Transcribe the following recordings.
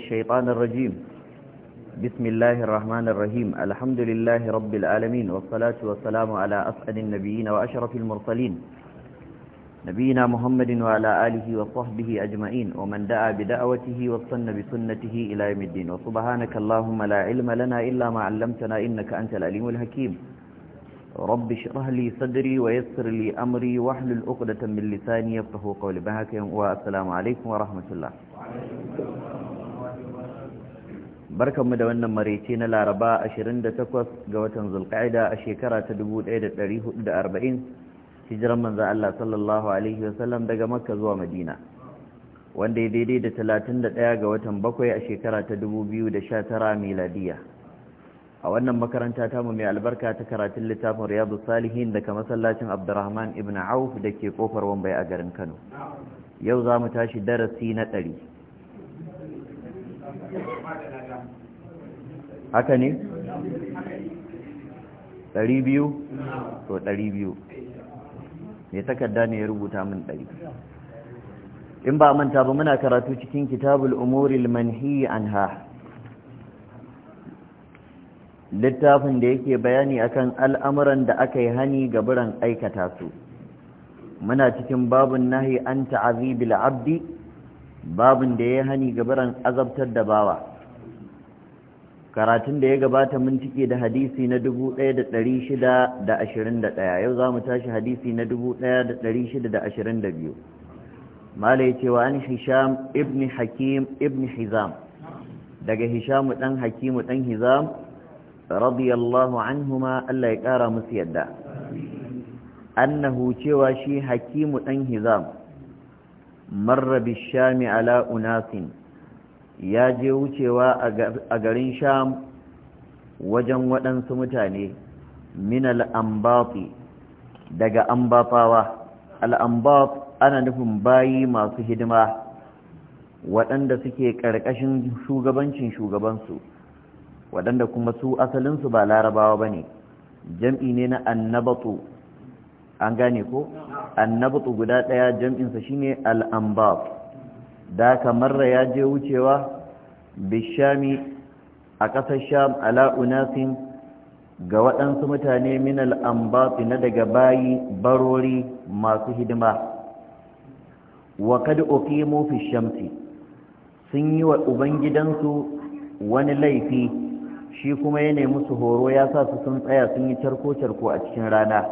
الشيطان الرجيم بسم الله الرحمن الرحيم الحمد لله رب العالمين والصلاة والسلام على أسعد النبيين وأشرف المرسلين نبينا محمد وعلى آله وصحبه أجمعين ومن دعا بدعوته واصطن بسنته إلى يوم الدين وسبحانك اللهم لا علم لنا إلا ما علمتنا إنك أنت العليم الحكيم رب اشرح لي صدري ويسر لي أمري واحلل عقدة من لساني يفقه قولي بهك والسلام عليكم ورحمة الله وعليكم السلام barkanmu da wannan maraice na laraba 28 ga watan zulka'ida a shekara ta 1440 hijiran manza Allah sallallahu Alaihi wasallam daga makka zuwa madina wanda ya daidai da 31 ga watan bakwai a shekara ta 2019 miladiya a wannan makaranta tamu mai albarka ta karatun littafin riyadu salihin daga masallacin abdurrahman ibn auf da ke kofar wambai a garin kano yau za mu tashi darasi na ɗari haka ne ɗari biyu to ɗari biyu mai takarda ne ya rubuta min ɗari in ba manta ba muna karatu cikin kitabul umuril manhi anha littafin da yake bayani akan al'amuran da aka yi hani ga biran aikata su muna cikin babun nahi an ta'azibil abdi babun da ya hani ga biran azabtar da bawa karatun da ya gabata mun cike da hadisi na 1621 yau za mu tashi hadisi na 1622 mala ya cewa an hisham ibn hakim ibn hizam daga hishamu dan hakimu dan hizam radiyallahu anhuma Allah ya kara musu yadda annahu cewa shi hakimu dan hizam marra shami ala unasin ya je wucewa a garin sham wajen waɗansu mutane min al'ambafi daga ambafawa al'ambaf ana nufin bayi masu hidima waɗanda suke ƙarƙashin shugabancin shugabansu waɗanda kuma su asalinsu ba larabawa ba ne jam'i ne na annabatu an gane ko annabatu guda ɗaya jam'insa shi ne al'ambaf da kamar ya je wucewa bishami a ƙasar sham ala ga waɗansu mutane min al'ambatsi na daga bayi barori masu hidima wa kada uqimu mafi shamsi sun yi wa ubangidansu wani laifi shi kuma ya nemi su horo ya sa su sun tsaya sun yi carko-carko a cikin rana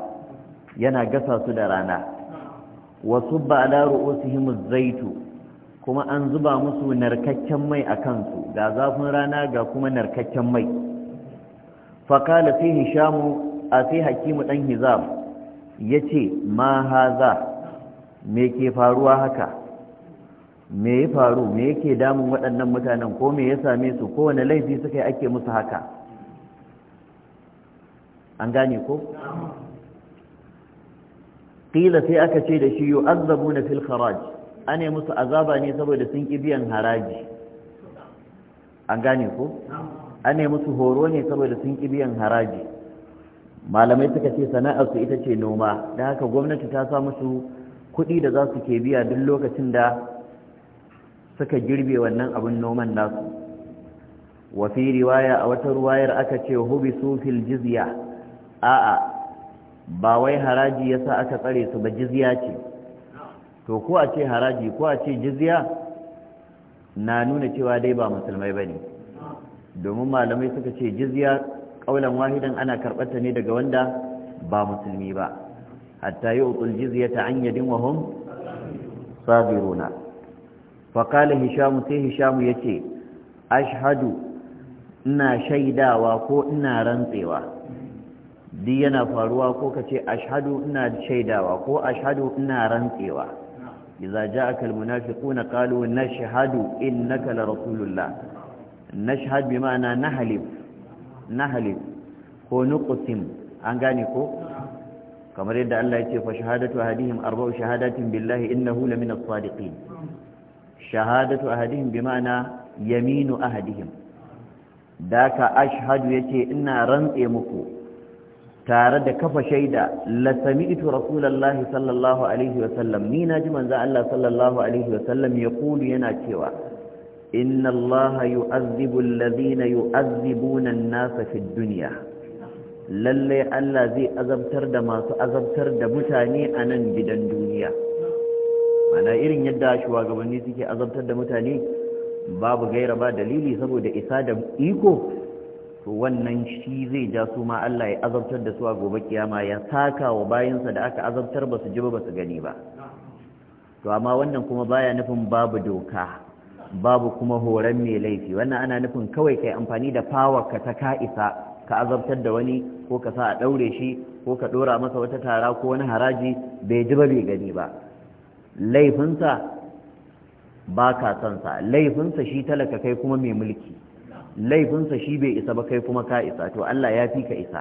yana gasa su da rana wasu ba ala ru'usihim zaitu kuma an zuba musu narkakken mai a kansu ga zafin rana ga kuma narkakken mai fakala sai hishamu a sai hakimu ɗan Hizab. ya ce ma haza me ke faruwa haka me ya faru me yake damun waɗannan mutanen ko me ya same su kowane laifi suka yi ake musu haka an gane ko? ƙila sai aka ce da shi yi azzabu na fil kharaj ane musu azaba ne saboda sun ƙi biyan haraji an gane ko ane musu horo ne saboda sun ƙi biyan haraji malamai suka ce sana'arsu ita ce noma da haka gwamnati ta sa musu kuɗi da za su ke biya duk lokacin da suka girbe wannan abin noman nasu wa fi riwaya a wata ruwayar aka ce hubisu fil jizya a'a ba wai haraji yasa aka tsare su ba jizya ce to ko a ce haraji ko a ce jizya na nuna cewa dai ba musulmai ba ne domin malamai suka ce jizya ƙaunar wahidan ana karɓarta ne daga wanda ba musulmi ba hatta yi utul jizya ta an yadin wahun sabiruna faƙala hishamu sai hishamu ya ce ashhadu ina shaidawa ko ina rantsewa duk yana faruwa ko ka ce ashhadu ina shaidawa ko ashhadu ina rantsewa إذا جاءك المنافقون قالوا نشهد إنك لرسول الله نشهد بمعنى نهلب نهلب هو نقسم أنغانيكو كما رد الله يتي فشهادة أهدهم أربع شهادات بالله إنه لمن الصادقين شهادة أهدهم بمعنى يمين أهدهم ذاك أشهد يتي إنا رنئ مكو tare da kafa shaida la sami'tu rasulullahi sallallahu alaihi ni naji manzo Allah sallallahu alaihi wa yana cewa inna Allah yu'azzibu alladhina yu'azzibuna an-nasa fid dunya lalle Allah zai azabtar da masu azabtar da mutane a nan gidan duniya ana irin yadda shugabanni suke azabtar da mutane babu gaira ba dalili saboda isa da iko to wannan shi zai ja su ma Allah ya azabtar da su a gobe kiyama ya saka wa bayansa da aka azabtar ba su ji ba su gani ba to amma wannan kuma baya nufin babu doka babu kuma horon mai laifi wannan ana nufin kawai kai amfani da power ka ta Ka'isa ka azabtar da wani ko ka sa a daure shi ko ka dora masa wata tara ko wani haraji bai ji ba bai gani ba laifinsa ba ka son sa laifinsa shi talaka kai kuma mai mulki laifinsa shi bai isa ba kai kuma ka isa to Allah ya fi ka isa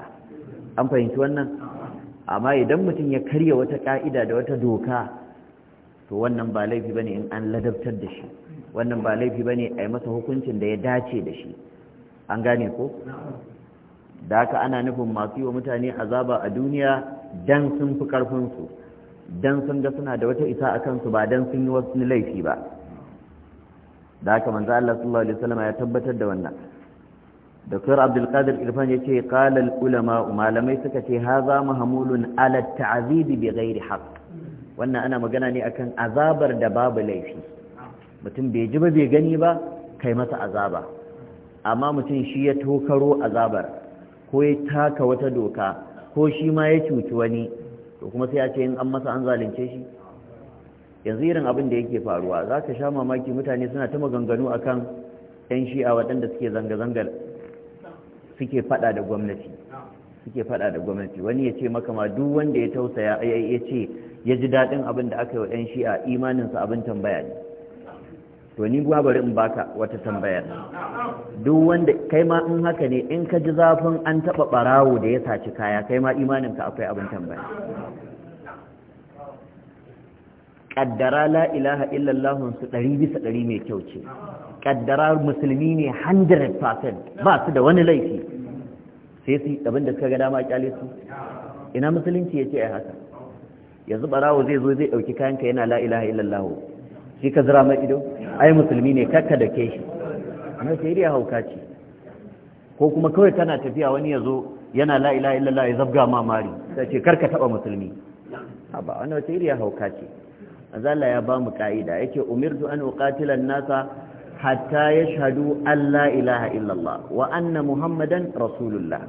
an fahimci wannan amma idan mutum ya karya wata ka'ida da wata doka to wannan ba laifi bane in an ladabtar da shi wannan ba laifi bane a yi masa hukuncin da ya dace da shi an gane ko da haka ana nufin masu yi wa mutane azaba a duniya dan sun fi karfinsu dan sun ga suna da wata isa a kansu ba dan sun yi wasu laifi ba da haka manzo Allah sallallahu alaihi wasallam ya tabbatar da wannan Dr. Abdul Qadir Irfan yace qala al ulama malamai suka ce haza mahmulun ala ta'zib bi ghairi haqq wannan ana magana ne akan azabar da babu laifi mutum bai ji ba bai gani ba kai masa azaba amma mutum shi ya tokaro azabar ko ya taka wata doka ko shi ma ya cuci wani to kuma sai a ce in an masa an zalunce shi yanzu irin abin da yake faruwa za ka sha mamaki mutane suna ta maganganu a kan 'yan shi'a waɗanda suke zanga-zangar suke faɗa da gwamnati suke fada da gwamnati wani ya ce maka ma duk wanda ya tausaya ya ce ya ji daɗin abin da aka yi wa 'yan shi'a imaninsa abin tambaya ne to ni ba bari in baka wata tambayar duk wanda kai ma in haka ne in ka ji zafin an taɓa ɓarawo da ya saci kaya kai ma imaninka akwai abin tambaya kaddara la ilaha su ɗari bisa ɗari mai kyau ce kaddara musulmi ne 100% ba su da wani laifi sai su da suka ga dama ƙyale su ina musulunci ya ce ai haka yanzu barawo zai zo zai ɗauki kayanka yana la ilaha illallahu shi ka zira mai ido ai musulmi ne kakka da ke shi amma sai dai hauka ce ko kuma kawai kana tafiya wani ya zo yana la ilaha illallah ya zabga ma mari sai ce karka taɓa musulmi haba wani wata iriya hauka ce azalla ya ba mu ka'ida yake umirtu an uqatila nasa hatta yashhadu an la ilaha illallah wa anna muhammadan rasulullah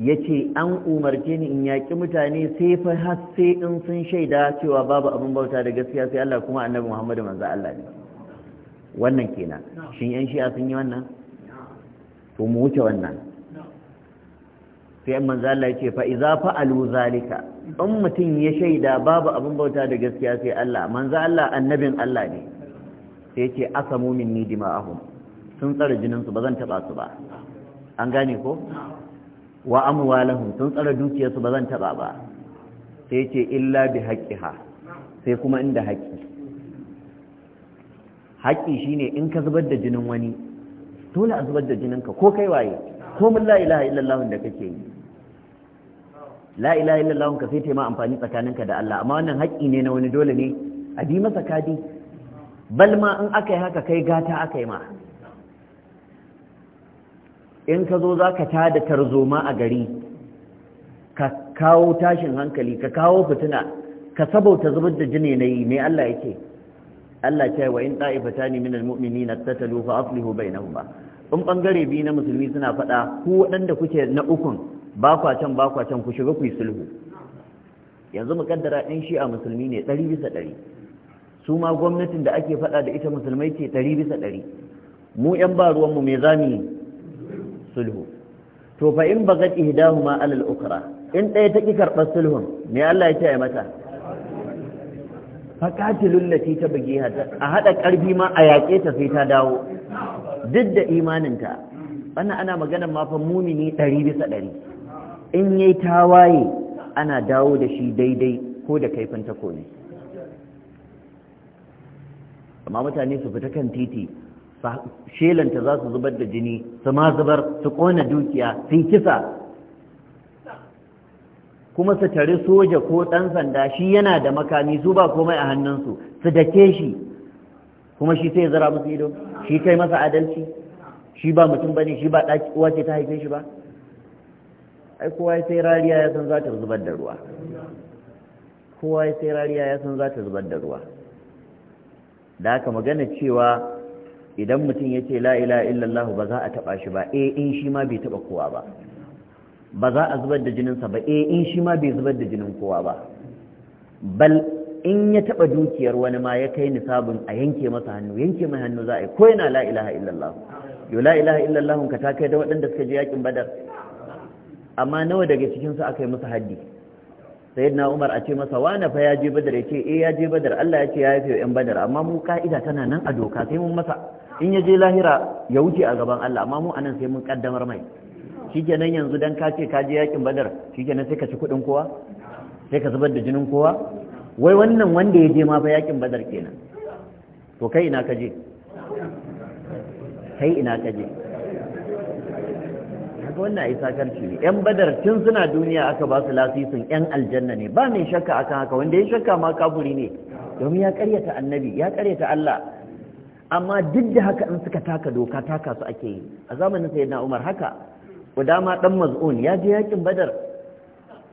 yace an umarce ni in yaki mutane sai fa har sai in sun shaida cewa babu abin bauta da gaskiya sai Allah kuma annabi Muhammadu manzo Allah ne wannan kenan shin yan shi'a sun yi wannan to mu wuce wannan sai manzo Allah yake fa idza fa'alu zalika in mutum ya shaida babu abin bauta da gaskiya sai Allah manzo Allah annabin Allah ne sai yake asamu minni dima'ahum sun tsara jinin su bazan taba su ba an gane ko wa amwalahum sun tsara dukiyar su bazan taba ba sai yake illa bi haqqiha sai kuma inda haƙƙi haƙƙi shine in ka zubar da jinin wani dole a zubar da jininka ko kai waye ko mun la ilaha illallah da kake yi la ilaha illallah ka sai ta amfani tsakaninka da Allah amma wannan haƙƙi ne na wani dole ne a bi masa kadi bal ma in aka yi haka kai gata aka yi ma in ka zo za ka tada tarzoma a gari ka kawo tashin hankali ka kawo fitina ka sabauta zubar da jini na yi mai Allah yake Allah ce wa in ɗa'ifatani minal mu'minina tattalu fa aslihu bainahuma in bangare biyu na musulmi suna faɗa ku waɗanda kuke na ukun ba kwa can ba kwa can ku shiga ku yi sulhu yanzu mukaddara ɗin shi a musulmi ne ɗari bisa ɗari su ma gwamnatin da ake faɗa da ita musulmai ce ɗari bisa ɗari mu ‘yan ba ruwanmu mai zami sulhu to fa in bagat ihdahuma alal ukra in ɗaya ta ƙi karɓar sulhun me Allah ya ce ya mata faƙatilun lati ta bugi hata a haɗa ƙarfi ma a yaƙe ta sai ta dawo duk da imaninta wannan ana maganar mafan mumini ɗari bisa ɗari in yayi tawaye ana dawo da shi daidai ko da kaifin takobi amma mutane su fita kan titi shelanta za su zubar da jini su ma zubar su kona dukiya su kisa kuma su tari soja ko ɗan sanda shi yana da makami su ba komai a hannunsu su dake shi kuma shi sai zara musu ido shi kai masa adalci shi ba mutum bane shi ba ɗaki uwa ce ta haife shi ba ai kowa ya sai rariya ya san za ta zubar da ruwa kowa ya sai rariya ya san za ta zubar da ruwa da haka magana cewa idan mutum ya ce la'ila illallahu ba za a taɓa shi ba e in shi ma bai taɓa kowa ba ba za a zubar da jininsa ba e in shi ma bai zubar da jinin kowa ba bal in ya taɓa dukiyar wani ma ya kai nisabin a yanke masa hannu yanke mai hannu za a yi ko yana la'ila illallahu yau la'ila illallahu ka ta kai da waɗanda suka je yakin badar amma nawa daga cikinsu aka yi musu haddi sai na umar a ce masa wane fa ya je badar ya ce eh ya je badar Allah ya ce ya yafe yan badar amma mu ka'ida tana nan a doka sai mun masa in ya je lahira ya wuce a gaban Allah amma mu anan sai mun kaddamar mai shi nan yanzu dan ka ce ka je yakin badar shikenan sai ka ci kudin kowa sai ka zubar da jinin kowa wai wannan wanda ya je ma fa yakin badar kenan to kai ina ka je kai ina ka je kaga wannan ai sakarci ne yan badar tun suna duniya aka ba su lasisin yan aljanna ne ba mai shakka akan haka wanda ya shakka ma kafuri ne domin ya karyata annabi ya karyata Allah amma duk da haka in suka taka doka taka su ake yi a zamanin na Umar haka Udama dan Maz'un ya je yakin Badar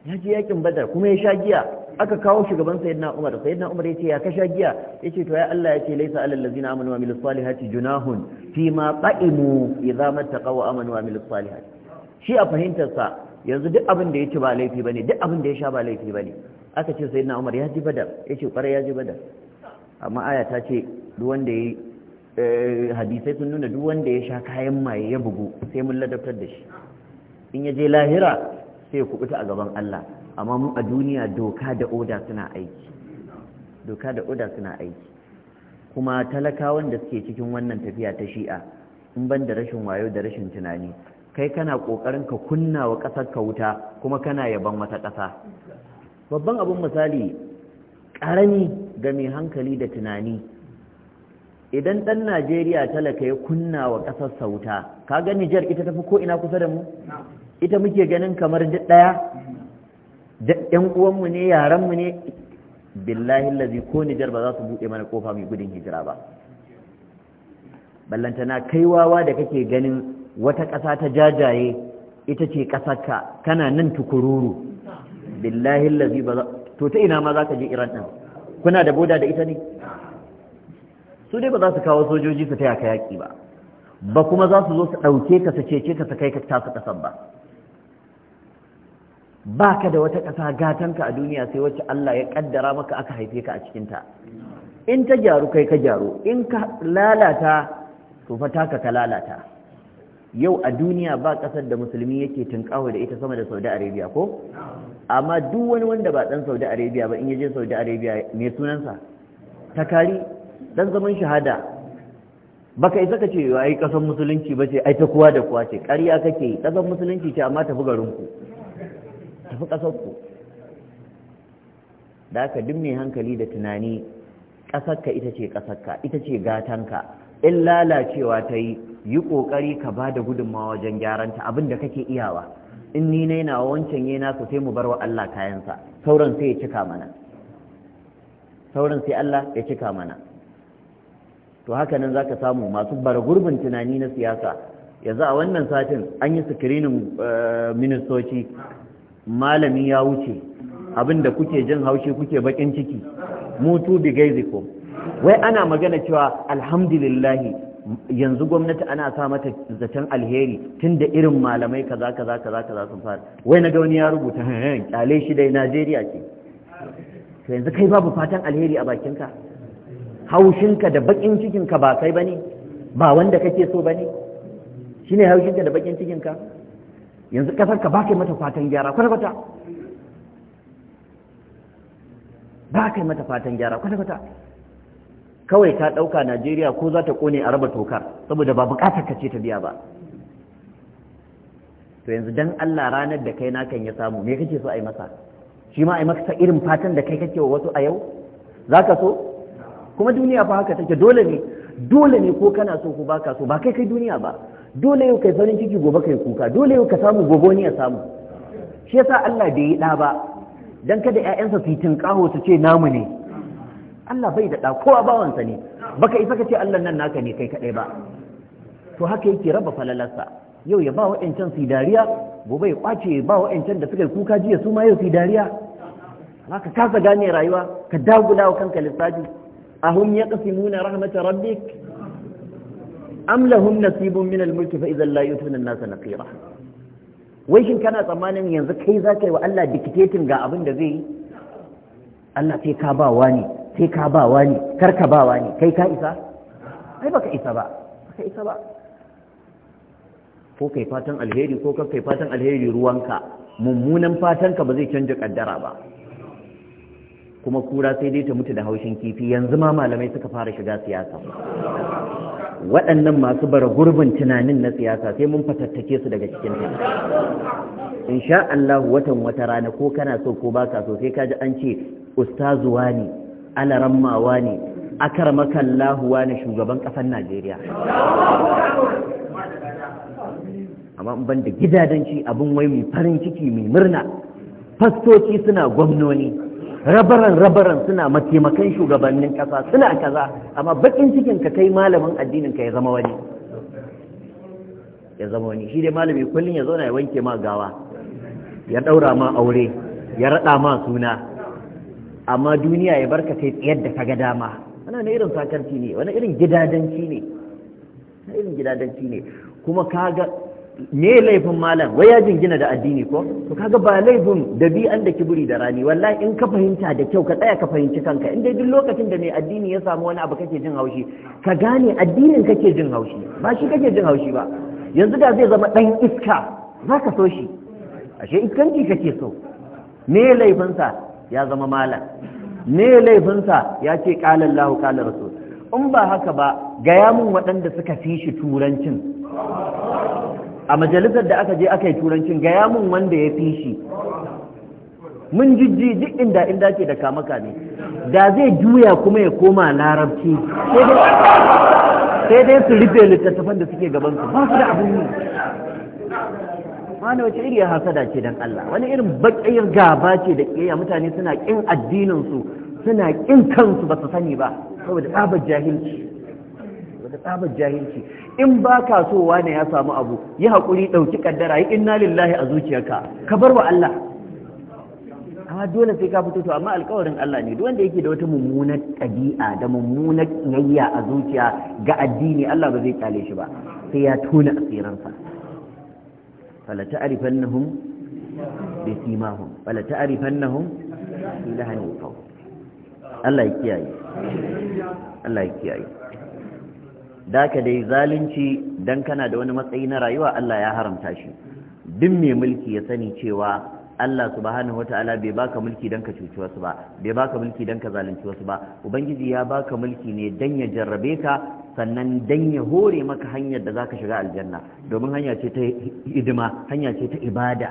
ya je yakin Badar kuma ya sha giya aka kawo shugaban sayyidina Umar sayyidina Umar yace ya ka sha giya yace to ya Allah yace laysa alal ladzina amanu wa amilus salihati junahun fi ma ta'imu idza mattaqaw amanu wa amilus salihati shi a fahimtarsa yanzu duk abin da ya ci ba laifi ba ne, duk abin da ya sha ba laifi ba ne. aka ce sai na Umar ya ji badar ce kwarai ya ji badar amma aya ta ce duk wanda eh, hadisai sun nuna duk wanda ya sha kayan maye ya bugu sai mun ladabtar da shi in ya je lahira sai ya kubuta a gaban Allah amma mu a duniya doka da oda suna aiki doka da oda suna aiki kuma talakawan da suke cikin wannan tafiya ta shi'a in ban da rashin wayo da rashin tunani kai kana ƙoƙarin ka kunna wa ƙasar ka wuta kuma kana yaban wata ƙasa babban abin misali ƙarami ga mai hankali da tunani idan ɗan najeriya talaka ya kunna wa ƙasarsa wuta ka ga nijar ita tafi ko ina kusa da mu ita muke ganin kamar duk ɗaya Ƴan uwanmu ne yaranmu ne billahi lazi ko nijar ba za su buɗe mana kofa mai gudun hijira ba ballantana kaiwawa da kake ganin wata ƙasa ta jajaye ita ce ƙasarka kana nan tukururu billahi lazi ba za to ta ina ma za ka je iran ɗin kuna da boda da ita ne su dai ba za su kawo sojoji su taya ka yaƙi ba ba kuma za su zo su ɗauke ka su cece ka su kai ka tasu ƙasar ba ba ka da wata ƙasa gatanka a duniya sai wacce Allah ya ƙaddara maka aka haife ka a cikinta in ta gyaru kai ka gyaru in ka lalata to fa taka ka lalata yau a duniya ba kasar da musulmi yake tunkawa da ita sama da saudi arabia ko amma duk wani wanda ba dan saudi arabia ba in yaje saudi arabia mai sunansa takari dan zaman shahada baka isa kace, ce ai kasar musulunci ba ce ai ta kowa da kowa ce ƙarya kake kasar musulunci ce amma tafi garinku tafi ku. da haka duk mai hankali da tunani ƙasarka ita ce ƙasarka ita ce gatanka in lalacewa ta yi yi ƙoƙari ka ba da gudunmawa wajen gyaranta abin da kake iyawa in ni na yana wancan yana su sai mu bar wa Allah kayansa sauran sai ya cika mana sauran sai Allah ya cika mana to haka nan zaka samu masu bara gurbin tunani na siyasa yanzu a wannan satin an yi sikirinin eh, ministoci malami ya wuce abin da kuke jin haushi kuke bakin ciki mutu bi ziko. wai ana magana cewa alhamdulillahi yanzu gwamnati ana sa mata zaton alheri tun da irin malamai kaza kaza kaza kaza sun fara wai na ga wani ya rubuta kyale shi dai najeriya ce to yanzu kai babu fatan alheri a bakinka haushinka da bakin cikinka ba kai ba ne? ba wanda kake so ba ne? Shi ne haushinka da bakin cikinka yanzu kasar ba kai mata fatan gyara kwata-kwata ba kai mata fatan gyara kwata-kwata kawai ka ɗauka najeriya ko za ta ƙone a raba tokar saboda ba buƙatar ka ce ta biya ba to yanzu don allah ranar da kai nakan ya samu me kake so a yi masa shi ma a yi masa irin fatan da kai kake wa wasu a yau za ka so kuma duniya fa haka take dole ne dole ne ko kana so ko baka so ba kai kai duniya ba dole yau kai farin ciki gobe kai kuka dole yau ka samu gobe wani ya samu shi yasa allah bai yi ɗa ba Don kada 'ya'yansa su yi tinƙaho su ce namu ne Allah bai da ɗa kowa bawansa ne baka isa ka ce Allah nan naka ne kai kaɗai ba to haka yake raba falalarsa yau ya ba wa'ancan su dariya gobe ya kwace ya ba wa'ancan da suka yi kuka jiya su ma yau su dariya amma ka kasa gane rayuwa ka dagula wa kanka lissafi ahum yaqsimuna rahmata rabbik am lahum nasibun min al-mulki fa idhan la yutuna an naqira wai shin kana tsammanin yanzu kai zaka yi wa Allah dictating ga abin da zai yi Allah sai ka ba wani sai ka ba wani ne, ka ba wani kai ka isa ai baka isa ba baka isa ba ko kai fatan alheri ko kai fatan alheri ruwanka mummunan fatanka ba zai canja kaddara ba kuma kura sai dai ta mutu da haushin kifi yanzu ma malamai suka fara shiga siyasa waɗannan masu bara gurbin tunanin na siyasa sai mun fatattake su daga cikin ta insha Allah watan wata rana ko kana so ko baka so sai ka ji an ce ustazuwa ne alaran mawa ne karmakan lahuwa ne shugaban ƙasar najeriya amma ban da gidadanci abin wai mai farin ciki mai murna fastoci suna gwamnoni rabaran rabaran suna mataimakan shugabannin ƙasa suna kaza amma bakin cikin ka kai malamin addinin ka ya zama wani ya zama wani shi dai malami kullum ya zauna ya wanke ma gawa ya ɗaura ma aure ya raɗa ma suna amma duniya ya barka kai tsayar da kaga dama ana na irin sakarci ne wani irin gidadanci ne na irin gidadanci ne kuma kaga ne laifin malam wai ya jingina da addini ko to kaga ba laifin da dabi'an da kiburi da rani wallahi in ka fahimta da kyau ka tsaya ka fahimci kanka in dai duk lokacin da mai addini ya samu wani abu kake jin haushi ka gane addinin kake jin haushi ba shi kake jin haushi ba yanzu da zai zama dan iska za ka so shi ashe iskanci kake so Ne laifinsa ya zama malam ne laifinsa ya ce qala lahu qala rasul in ba haka ba gaya mun waɗanda suka fi shi turancin a majalisar da aka je aka yi turancin gaya mun wanda ya fi shi mun jijji duk inda inda ke da kamaka ne da zai juya kuma ya koma larabci sai dai su rufe littattafan da suke gabansu ba su da abin yi wani wace iri hasada ce dan Allah wani irin bakayar gaba ce da kiyayya mutane suna ƙin addinin suna ƙin kansu ba su sani ba saboda tsabar jahilci saboda tsabar jahilci in ba ka so wani ya samu abu yi hakuri ɗauki ƙaddara, yi inna lillahi a zuciyarka ka bar wa Allah amma dole sai ka fito to amma alkawarin Allah ne duk wanda yake da wata mummunar ɗabi'a da mummunar kiyayya a zuciya ga addini Allah ba zai kyale shi ba sai ya tona asirinsa fala ta'rifannahum bi simahum fala ta'rifannahum bi lahani qaw Allah ya kiyaye Allah ya kiyaye da ka dai zalunci dan kana da wani matsayi na rayuwa Allah ya haramta shi duk mai mulki ya sani cewa Allah subhanahu wata'ala bai baka mulki don ka cuci wasu ba bai baka mulki don ka zalunci wasu ba ubangiji ya baka mulki ne don ya jarrabe ka sannan dan ya hore maka hanyar da zaka shiga aljanna domin hanya ce ta hidima hanya ce ta ibada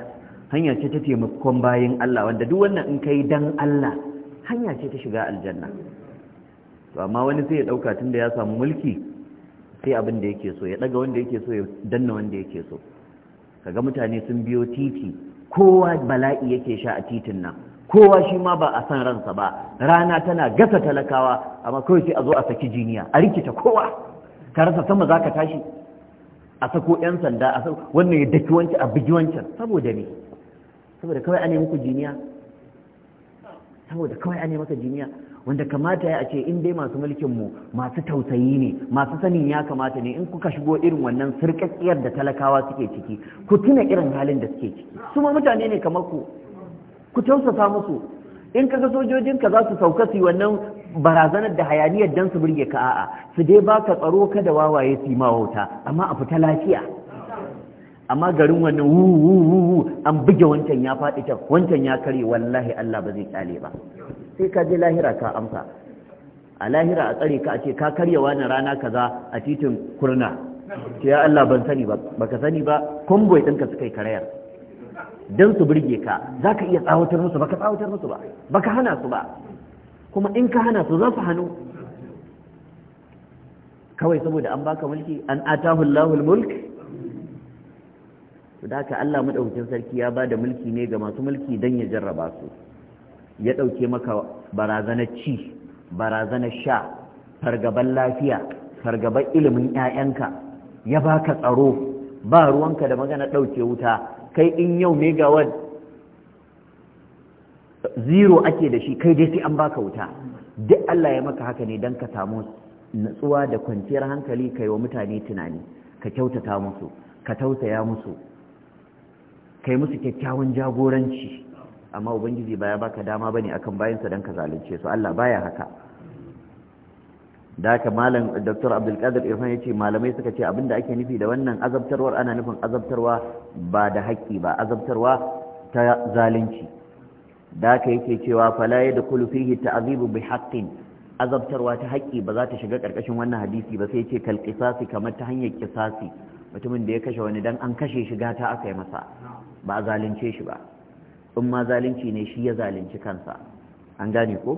hanya ce ta taimakon bayin Allah wanda duk wannan in kai dan Allah hanya ce ta shiga aljanna to amma wani sai ya dauka tunda ya samu mulki sai abin da yake so ya daga wanda yake so ya danna wanda yake so kaga mutane sun biyo titi kowa bala'i yake sha a titin nan kowa shi ma ba a san ransa ba rana tana gasa talakawa amma kawai sai a zo a saki jiniya a rikita kowa ka rasa sama za ka tashi a sako 'yan sanda a sako wannan ya daki wancan a bugi wancan saboda ne saboda kawai a nemi ku jiniya saboda kawai a nemi ka jiniya wanda kamata ya ce in dai masu mulkin mu masu tausayi ne masu sanin ya kamata ne in kuka shigo irin wannan sirƙaƙiyar da talakawa suke ciki ku tuna irin halin da suke ciki su ma mutane ne kamar ku ku tausasa musu in kaga sojojinka za su sauka su wannan barazanar da hayaniyar dan su burge ka a'a su dai ba baka tsaro ka da wawaye su ma wauta amma a fita lafiya amma garin wannan wuwuwu an buge wancan ya faɗi can wancan ya kare wallahi Allah ba zai kyale ba sai ka je lahira ka amsa a lahira a tsare ka a ce ka karya wani rana kaza a titin kurna ya Allah ban sani ba baka sani ba kombo ɗinka suka yi karayar don su burge ka za ka iya tsawatar musu ba ka tsawatar musu ba ba ka hana su ba kuma in ka hana su za su hannu kawai saboda an baka mulki an atahu Allahul mulk to da ka Allah madaukakin sarki ya bada mulki ne ga masu mulki dan ya jarraba su ya dauke maka barazanar ci barazanar sha fargaban lafiya fargaban ilimin ƴaƴanka ya baka tsaro ba ruwanka da magana dauke wuta kai in yau megawatt zero ake da shi kai dai sai an baka wuta duk Allah ya maka haka ne don ka samu natsuwa da kwanciyar hankali kai wa mutane tunani ka kyautata musu ka tausaya musu kai musu kyakkyawan jagoranci amma ubangiji ba ya baka dama bane akan bayansa dan ka zalunce su Allah baya haka da haka malam dr abdulkadir irfan ya ce malamai suka ce abinda ake nufi da wannan azabtarwar ana nufin azabtarwa ba da haƙƙi ba azabtarwa ta zalunci da haka yake cewa fala ya da fihi ta'azibu bi haqqin azabtarwa ta haƙƙi ba za ta shiga ƙarƙashin wannan hadisi ba sai ce kal qisasi kamar ta hanyar qisasi mutumin da ya kashe wani dan an kashe shi gata aka yi masa ba zalunce shi ba in ma zalunci ne shi ya zalunci kansa an gane ko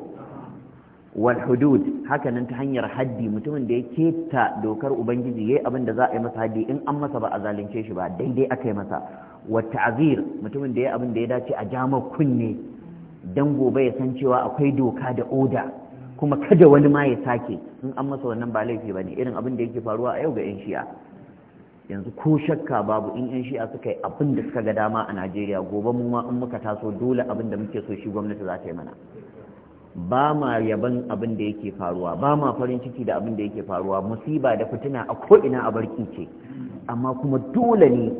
wal hudud hakanan ta hanyar haddi mutumin da ya keta dokar ubangiji yayi abin da za a yi masa haddi in an masa ba a zalunce shi ba daidai aka yi masa wa ta'zir mutumin da yayi abin da ya dace a jama kunne dan gobe ya san cewa akwai doka da oda kuma kada wani ma ya sake in an masa wannan ba laifi bane irin abin da yake faruwa a yau ga yan shi'a yanzu ko shakka babu in yan shi'a suka yi abin da suka ga dama a Najeriya gobe mu ma in muka taso dole abin da muke so shi gwamnati za ta yi mana ba ma yaban abin da yake faruwa ba ma farin ciki da abin da yake faruwa musiba da fitina a ko ina a barki ce amma kuma dole ne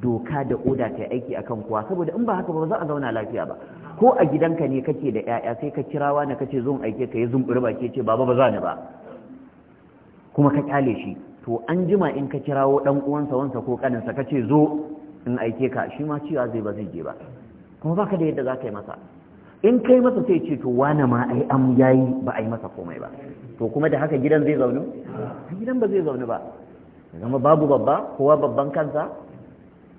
doka da oda ta aiki akan kowa saboda in ba haka ba za a zauna lafiya ba ko a gidanka ne kake da 'ya'ya sai ka kirawa na kace zo aike ka yi zumburi ba ke ce baba ba za ni ba kuma ka kyale shi to an jima in ka kirawo dan uwansa wansa ko kaninsa kace zo in aike ka shi ma cewa zai ba zai je ba kuma baka da yadda za ka yi masa in kai masa sai ce to wane ma ai am yayi ba a yi masa komai ba to kuma da haka gidan zai zaune gidan ba zai zaune ba zama babu babba kowa babban kansa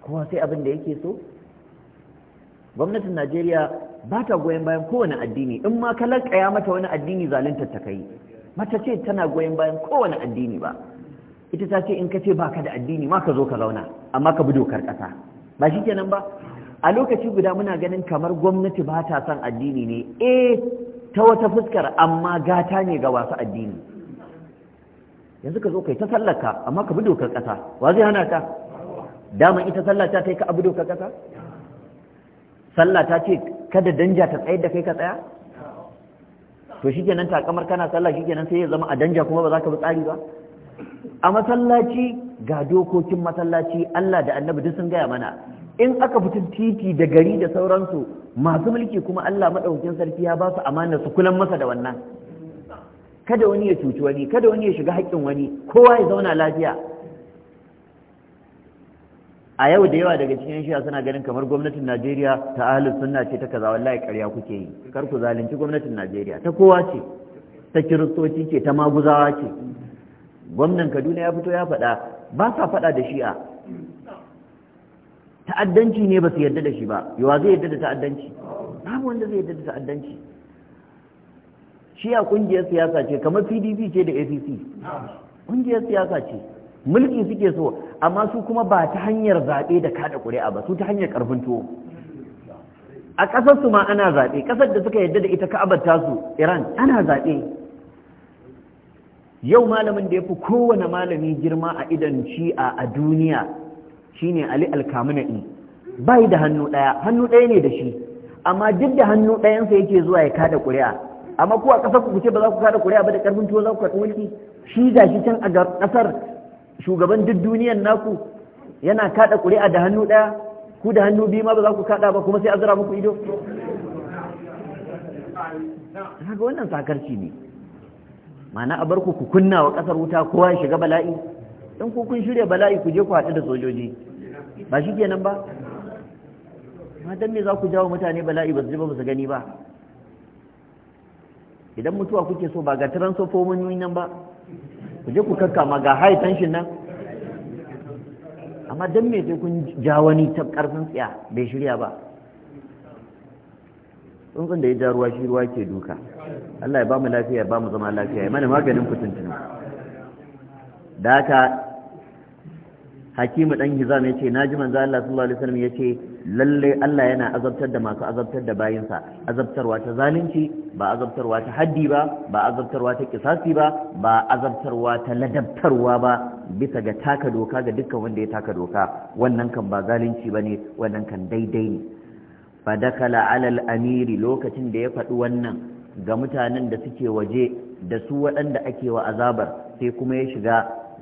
kowa sai abin da yake so gwamnatin najeriya ba ta goyon bayan kowane addini in ma ka lankaya mata wani addini zalunta ta kai mata ce tana goyon bayan kowane addini ba ita ta ce in ka ce baka da addini ma ka zo ka zauna amma ka bi dokar kasa ba shi kenan ba a lokaci guda muna ganin kamar gwamnati ba ta son addini ne eh ta wata fuskar amma gata ne ga wasu addini yanzu ka zo kai ta sallaka amma ka bi dokar ƙasa wa zai hana ka dama ita sallata ta yi ka abu dokar ƙasa Sallata ce kada danja ta tsayar da kai ka tsaya to shikenan kamar kana sallah Kenan sai ya zama a danja kuma ba za ka bi tsari ba a masallaci ga dokokin masallaci Allah da Annabi duk sun gaya mana in aka fita titi da gari da sauransu masu mulki kuma Allah maɗaukin sarki ya ba su amana su kulan masa da wannan kada wani ya cuci wani kada wani ya shiga haƙƙin wani kowa ya zauna lafiya a yau da yawa daga cikin shiya suna ganin kamar gwamnatin Najeriya ta ahlus sunna ce ta kaza wallahi ƙarya kuke yi kar ku zalunci gwamnatin Najeriya ta kowa ce ta kiristoci ce ta maguzawa ce gwamnan Kaduna ya fito ya faɗa ba sa faɗa da shi'a ta'addanci ne ba su yarda da shi ba yawa zai yarda da ta'addanci babu wanda zai yarda da ta'addanci shi a kungiyar siyasa ce kamar pdp ce da apc kungiyar siyasa ce mulki suke so amma su kuma ba ta hanyar zaɓe da kada ƙuri'a ba su ta hanyar ƙarfin tuwo a ƙasar su ma ana zaɓe ƙasar da suka yarda da ita ka'abar su iran ana zaɓe yau malamin da ya fi kowane malami girma a idan shi'a a duniya Shi ne ali alkamuna'i bai da hannu ɗaya. hannu ɗaya ne da shi amma duk da hannu ɗayansa yake zuwa ya kada ƙuri'a amma ko a ƙasar ku ce ba za ku kada ƙuri'a ba da ƙarfin tuwo za ku kada mulki shi da shi can a ƙasar shugaban duk duniyar naku yana kada ƙuri'a da hannu ɗaya? ku da hannu biyu ma ba za ku kada ba kuma sai a zira muku ido haka wannan sakarci ne ma'ana a barku ku kunna wa ƙasar wuta kowa ya shiga bala'i in ku kun shirya bala'i ku je ku haɗu da sojoji ba shi kenan ba matan me za ku jawo mutane bala'i ba su ba su gani ba idan mutuwa kuke so ba ga tiransofomin nan ba ku je ku kakkama ga high tension nan amma don me sai kun ja wani ta karfin tsiya bai shirya ba tsuntsun da ya ja ruwa shi ruwa ke duka Allah ya ba mu lafiya ya ba mu zama lafiya ya mana maganin fitintinu da haka hakimu dan hizam yace naji manzo Allah sallallahu alaihi wasallam yace lalle Allah yana azabtar da masu azabtar da bayinsa azabtarwa ta zalunci ba azabtarwa ta haddi ba ba azabtarwa ta kisasi ba ba azabtarwa ta ladabtarwa ba bisa ga taka doka ga dukkan wanda ya taka doka wannan kan ba zalunci bane wannan kan daidai ne fa dakala ala amiri lokacin da ya faɗi wannan ga mutanen da suke waje da su waɗanda ake wa azabar sai kuma ya shiga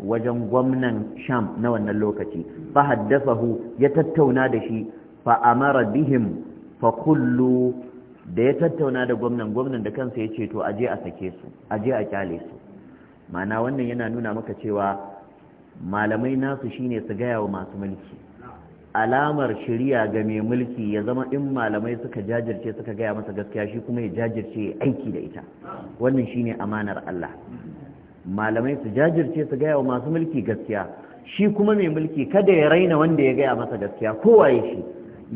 wajen gwamnan sham na wannan lokaci fa haddathahu ya tattauna da shi fa amara bihim fa kullu da ya tattauna da gwamnan gwamnan da kansa ya ce to aje a sake su aje a kyale su ma'ana wannan yana nuna maka cewa malamai nasu shine su gaya wa masu mulki alamar shirya ga mai mulki ya zama in malamai suka jajirce suka gaya masa gaskiya shi kuma ya jajirce aiki da ita wannan shine amanar Allah malamai su jajirce su gaya wa masu mulki gaskiya shi kuma mai mulki kada ya raina wanda ya gaya masa gaskiya Kowa ya shi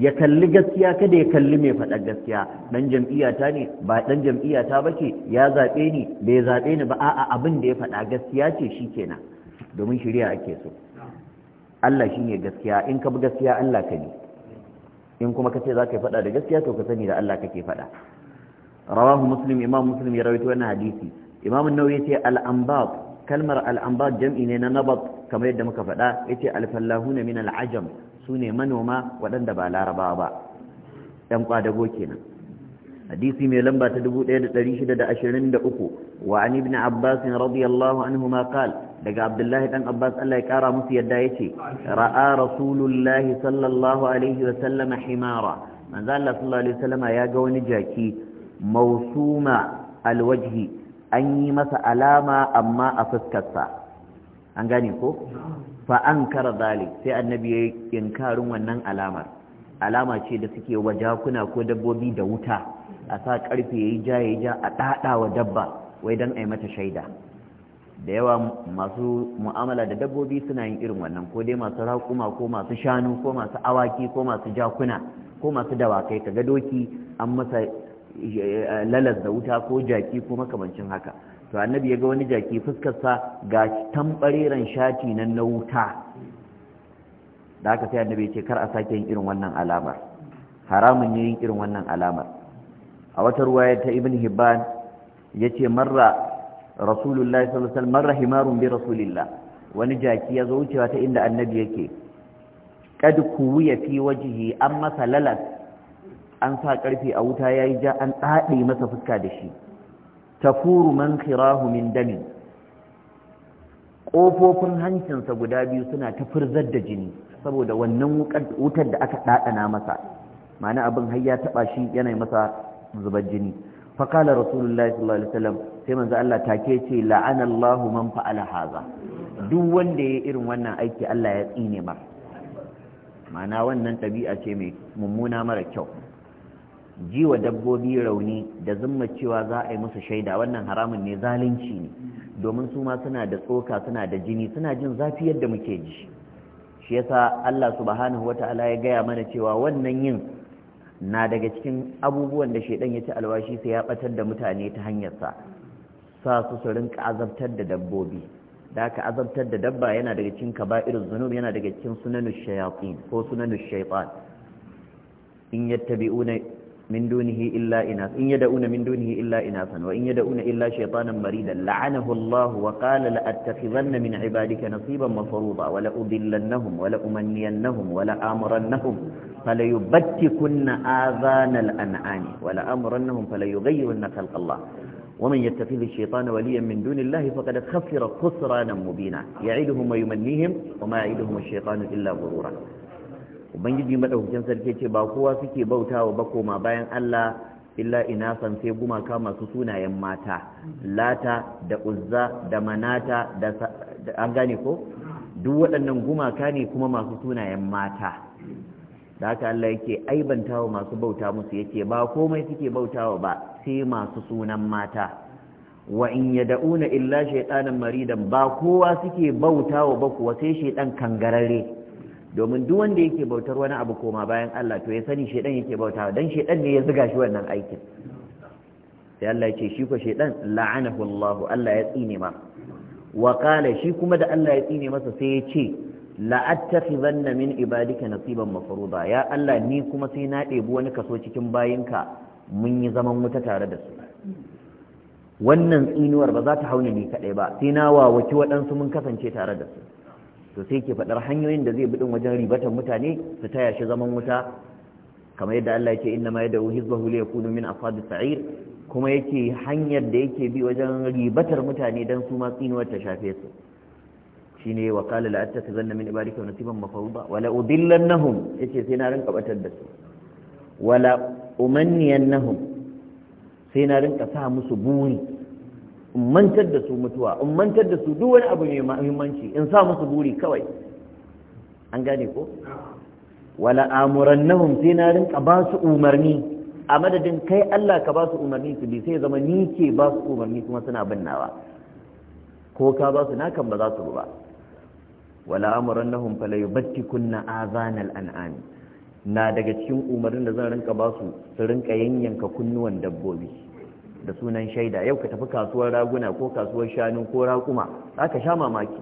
ya kalli gaskiya kada ya kalli mai faɗa gaskiya ɗan jam'iyyata ne ba dan jam'iyyata ba ce ya zaɓe ni bai zaɓe ni ba a'a abin da ya faɗa gaskiya ce shi kenan domin shirya ake so Allah shi ne gaskiya in ka bi gaskiya Allah ka ne in kuma ka ce za ka yi faɗa da gaskiya to ka sani da Allah kake faɗa rawahu muslim imam muslim ya rawaito wannan hadisi imam nauyi ce yace kalmar al jam'i ne na nabab kamar yadda muka faɗa yace al-fallahuna min al su sune manoma waɗanda ba laraba ba ɗan kwadago kenan hadisi mai lamba ta 1623 wa an ibn abbas radiyallahu anhuma qala daga abdullahi dan abbas Allah ya kara musu yadda ya ce ra'a rasulullahi sallallahu alaihi wasallam himara manzo Allah sallallahu alaihi ya ga wani jaki mausuma alwajhi an yi masa alama amma a fuskarsa an gane ko fa an kara sai annabi ya yi inkarin wannan alamar alama ce da suke wa jakuna ko dabbobi da wuta a sa karfe ya yi ja ya ja a ɗaɗawa dabba wai don a yi mata shaida da yawa masu mu'amala da dabbobi suna yin irin wannan ko dai masu raƙuma ko masu shanu ko masu awaki ko masu jakuna ko masu dawakai kaga doki an masa lalas da wuta ko jaki ko makamancin haka to annabi ya ga wani jaki fuskarsa ga tambareren shati nan na wuta da aka sai annabi ya ce kar a sake yin irin wannan alamar haramun ne yin irin wannan alamar a wata ruwaya ta ibn hibban ya ce marra rasulullahi sallallahu alaihi wasallam marra himarun bi rasulillah wani jaki ya zo wucewa ta inda annabi yake kad kuwiya fi wajhi an masa lalas an sa karfe a wuta ya yi ja an dade masa fuska da shi tafuru man kirahu min damin kofofin hancinsa guda biyu suna ta furzar da jini saboda wannan wutar da aka ɗaɗana masa ma'ana abin har ya taba shi yana masa zubar jini fa qala rasulullahi sallallahu alaihi wasallam sai manzo Allah take ce la'anallahu Allahu man fa'ala haza duk wanda ya irin wannan aiki Allah ya tsine masa ma'ana wannan ɗabi'a ce mai mummuna mara kyau Ji wa dabbobi rauni da zumma cewa za a yi musu shaida wannan haramun ne zalunci ne domin su ma suna da tsoka suna da jini suna jin zafi yadda muke ji shi yasa Allah subhanahu wata'ala ya gaya mana cewa wannan yin na daga cikin abubuwan da shaidan ya ci alwashi sai ya batar da mutane ta hanyarsa sa su su rinka azabtar da dabbobi da aka azabtar da dabba yana daga cikin kaba'irul zunub yana daga cikin sunanul shayatin ko sunanul shaytan in yattabi'una من دونه إلا إناث إن يدعون من دونه إلا إناثا وإن يدعون إلا شيطانا مريدا لعنه الله وقال لأتخذن من عبادك نصيبا مفروضا ولأذلنهم ولأمنينهم ولآمرنهم فليبتكن آذان الأنعان ولآمرنهم فليغيرن خلق الله ومن يتخذ الشيطان وليا من دون الله فقد خسر خسرانا مبينا يعدهم ويمنيهم وما يعدهم الشيطان إلا غرورا ubangiji madaukakin sarki ce ba kowa suke bautawa ba koma bayan Allah illa ina san sai gumaka masu sunayen mata lata da uzza da manata da an gane ko duk waɗannan gumaka ne kuma masu sunayen mata da haka Allah yake aibantawa masu bauta musu yake ba komai suke bautawa ba sai masu sunan mata wa in yad'una illa shaytanan maridan ba kowa suke bautawa ba kuwa sai shaytan kangarare domin duk wanda yake bautar wani abu koma bayan Allah to ya sani shedan yake bautawa dan shedan ne ya zuga shi wannan aikin sai Allah ya ce shi ko shedan la'anahu Allah Allah ya tsine ma wa qala shi kuma da Allah ya tsine masa sai ya ce la'attakhizanna min ibadika nasiban mafruda ya Allah ni kuma sai na ɗebi wani kaso cikin bayinka mun yi zaman wuta tare da su wannan tsinuwar ba za ta hauna ni kaɗai ba sai na wawaki waɗansu mun kasance tare da su to sai ke faɗar hanyoyin da zai bidin wajen ribatar mutane su taya shi zaman wuta kamar yadda Allah yake inna ma yad'u hisba li yakunu min ashabi sa'ir kuma yake hanyar da yake bi wajen ribatar mutane dan su ma tsinuwar ta shafe su shine wa qala la attakhizanna min ibadika nasiban mafruḍa wa la udillannahum yace sai na rinka batar da su wa la umanniyannahum sai na rinka sa musu buri in mantar da su mutuwa in mantar da su duk wani abu mai muhimmanci in sa musu buri kawai an gane ko wala amurannahum sai na rinka ba umarni a madadin kai Allah ka ba su umarni su bi sai zama ni ke ba su umarni kuma suna binnawa ko ka ba su nakan ba za su ba wala amurannahum fala yubattikunna azanal an'am na daga cikin umarnin da zan rinka ba su su rinka yanyanka kunnuwan dabbobi da sunan shaida yau ka tafi kasuwar raguna ko kasuwar shanu ko raƙuma za ka sha mamaki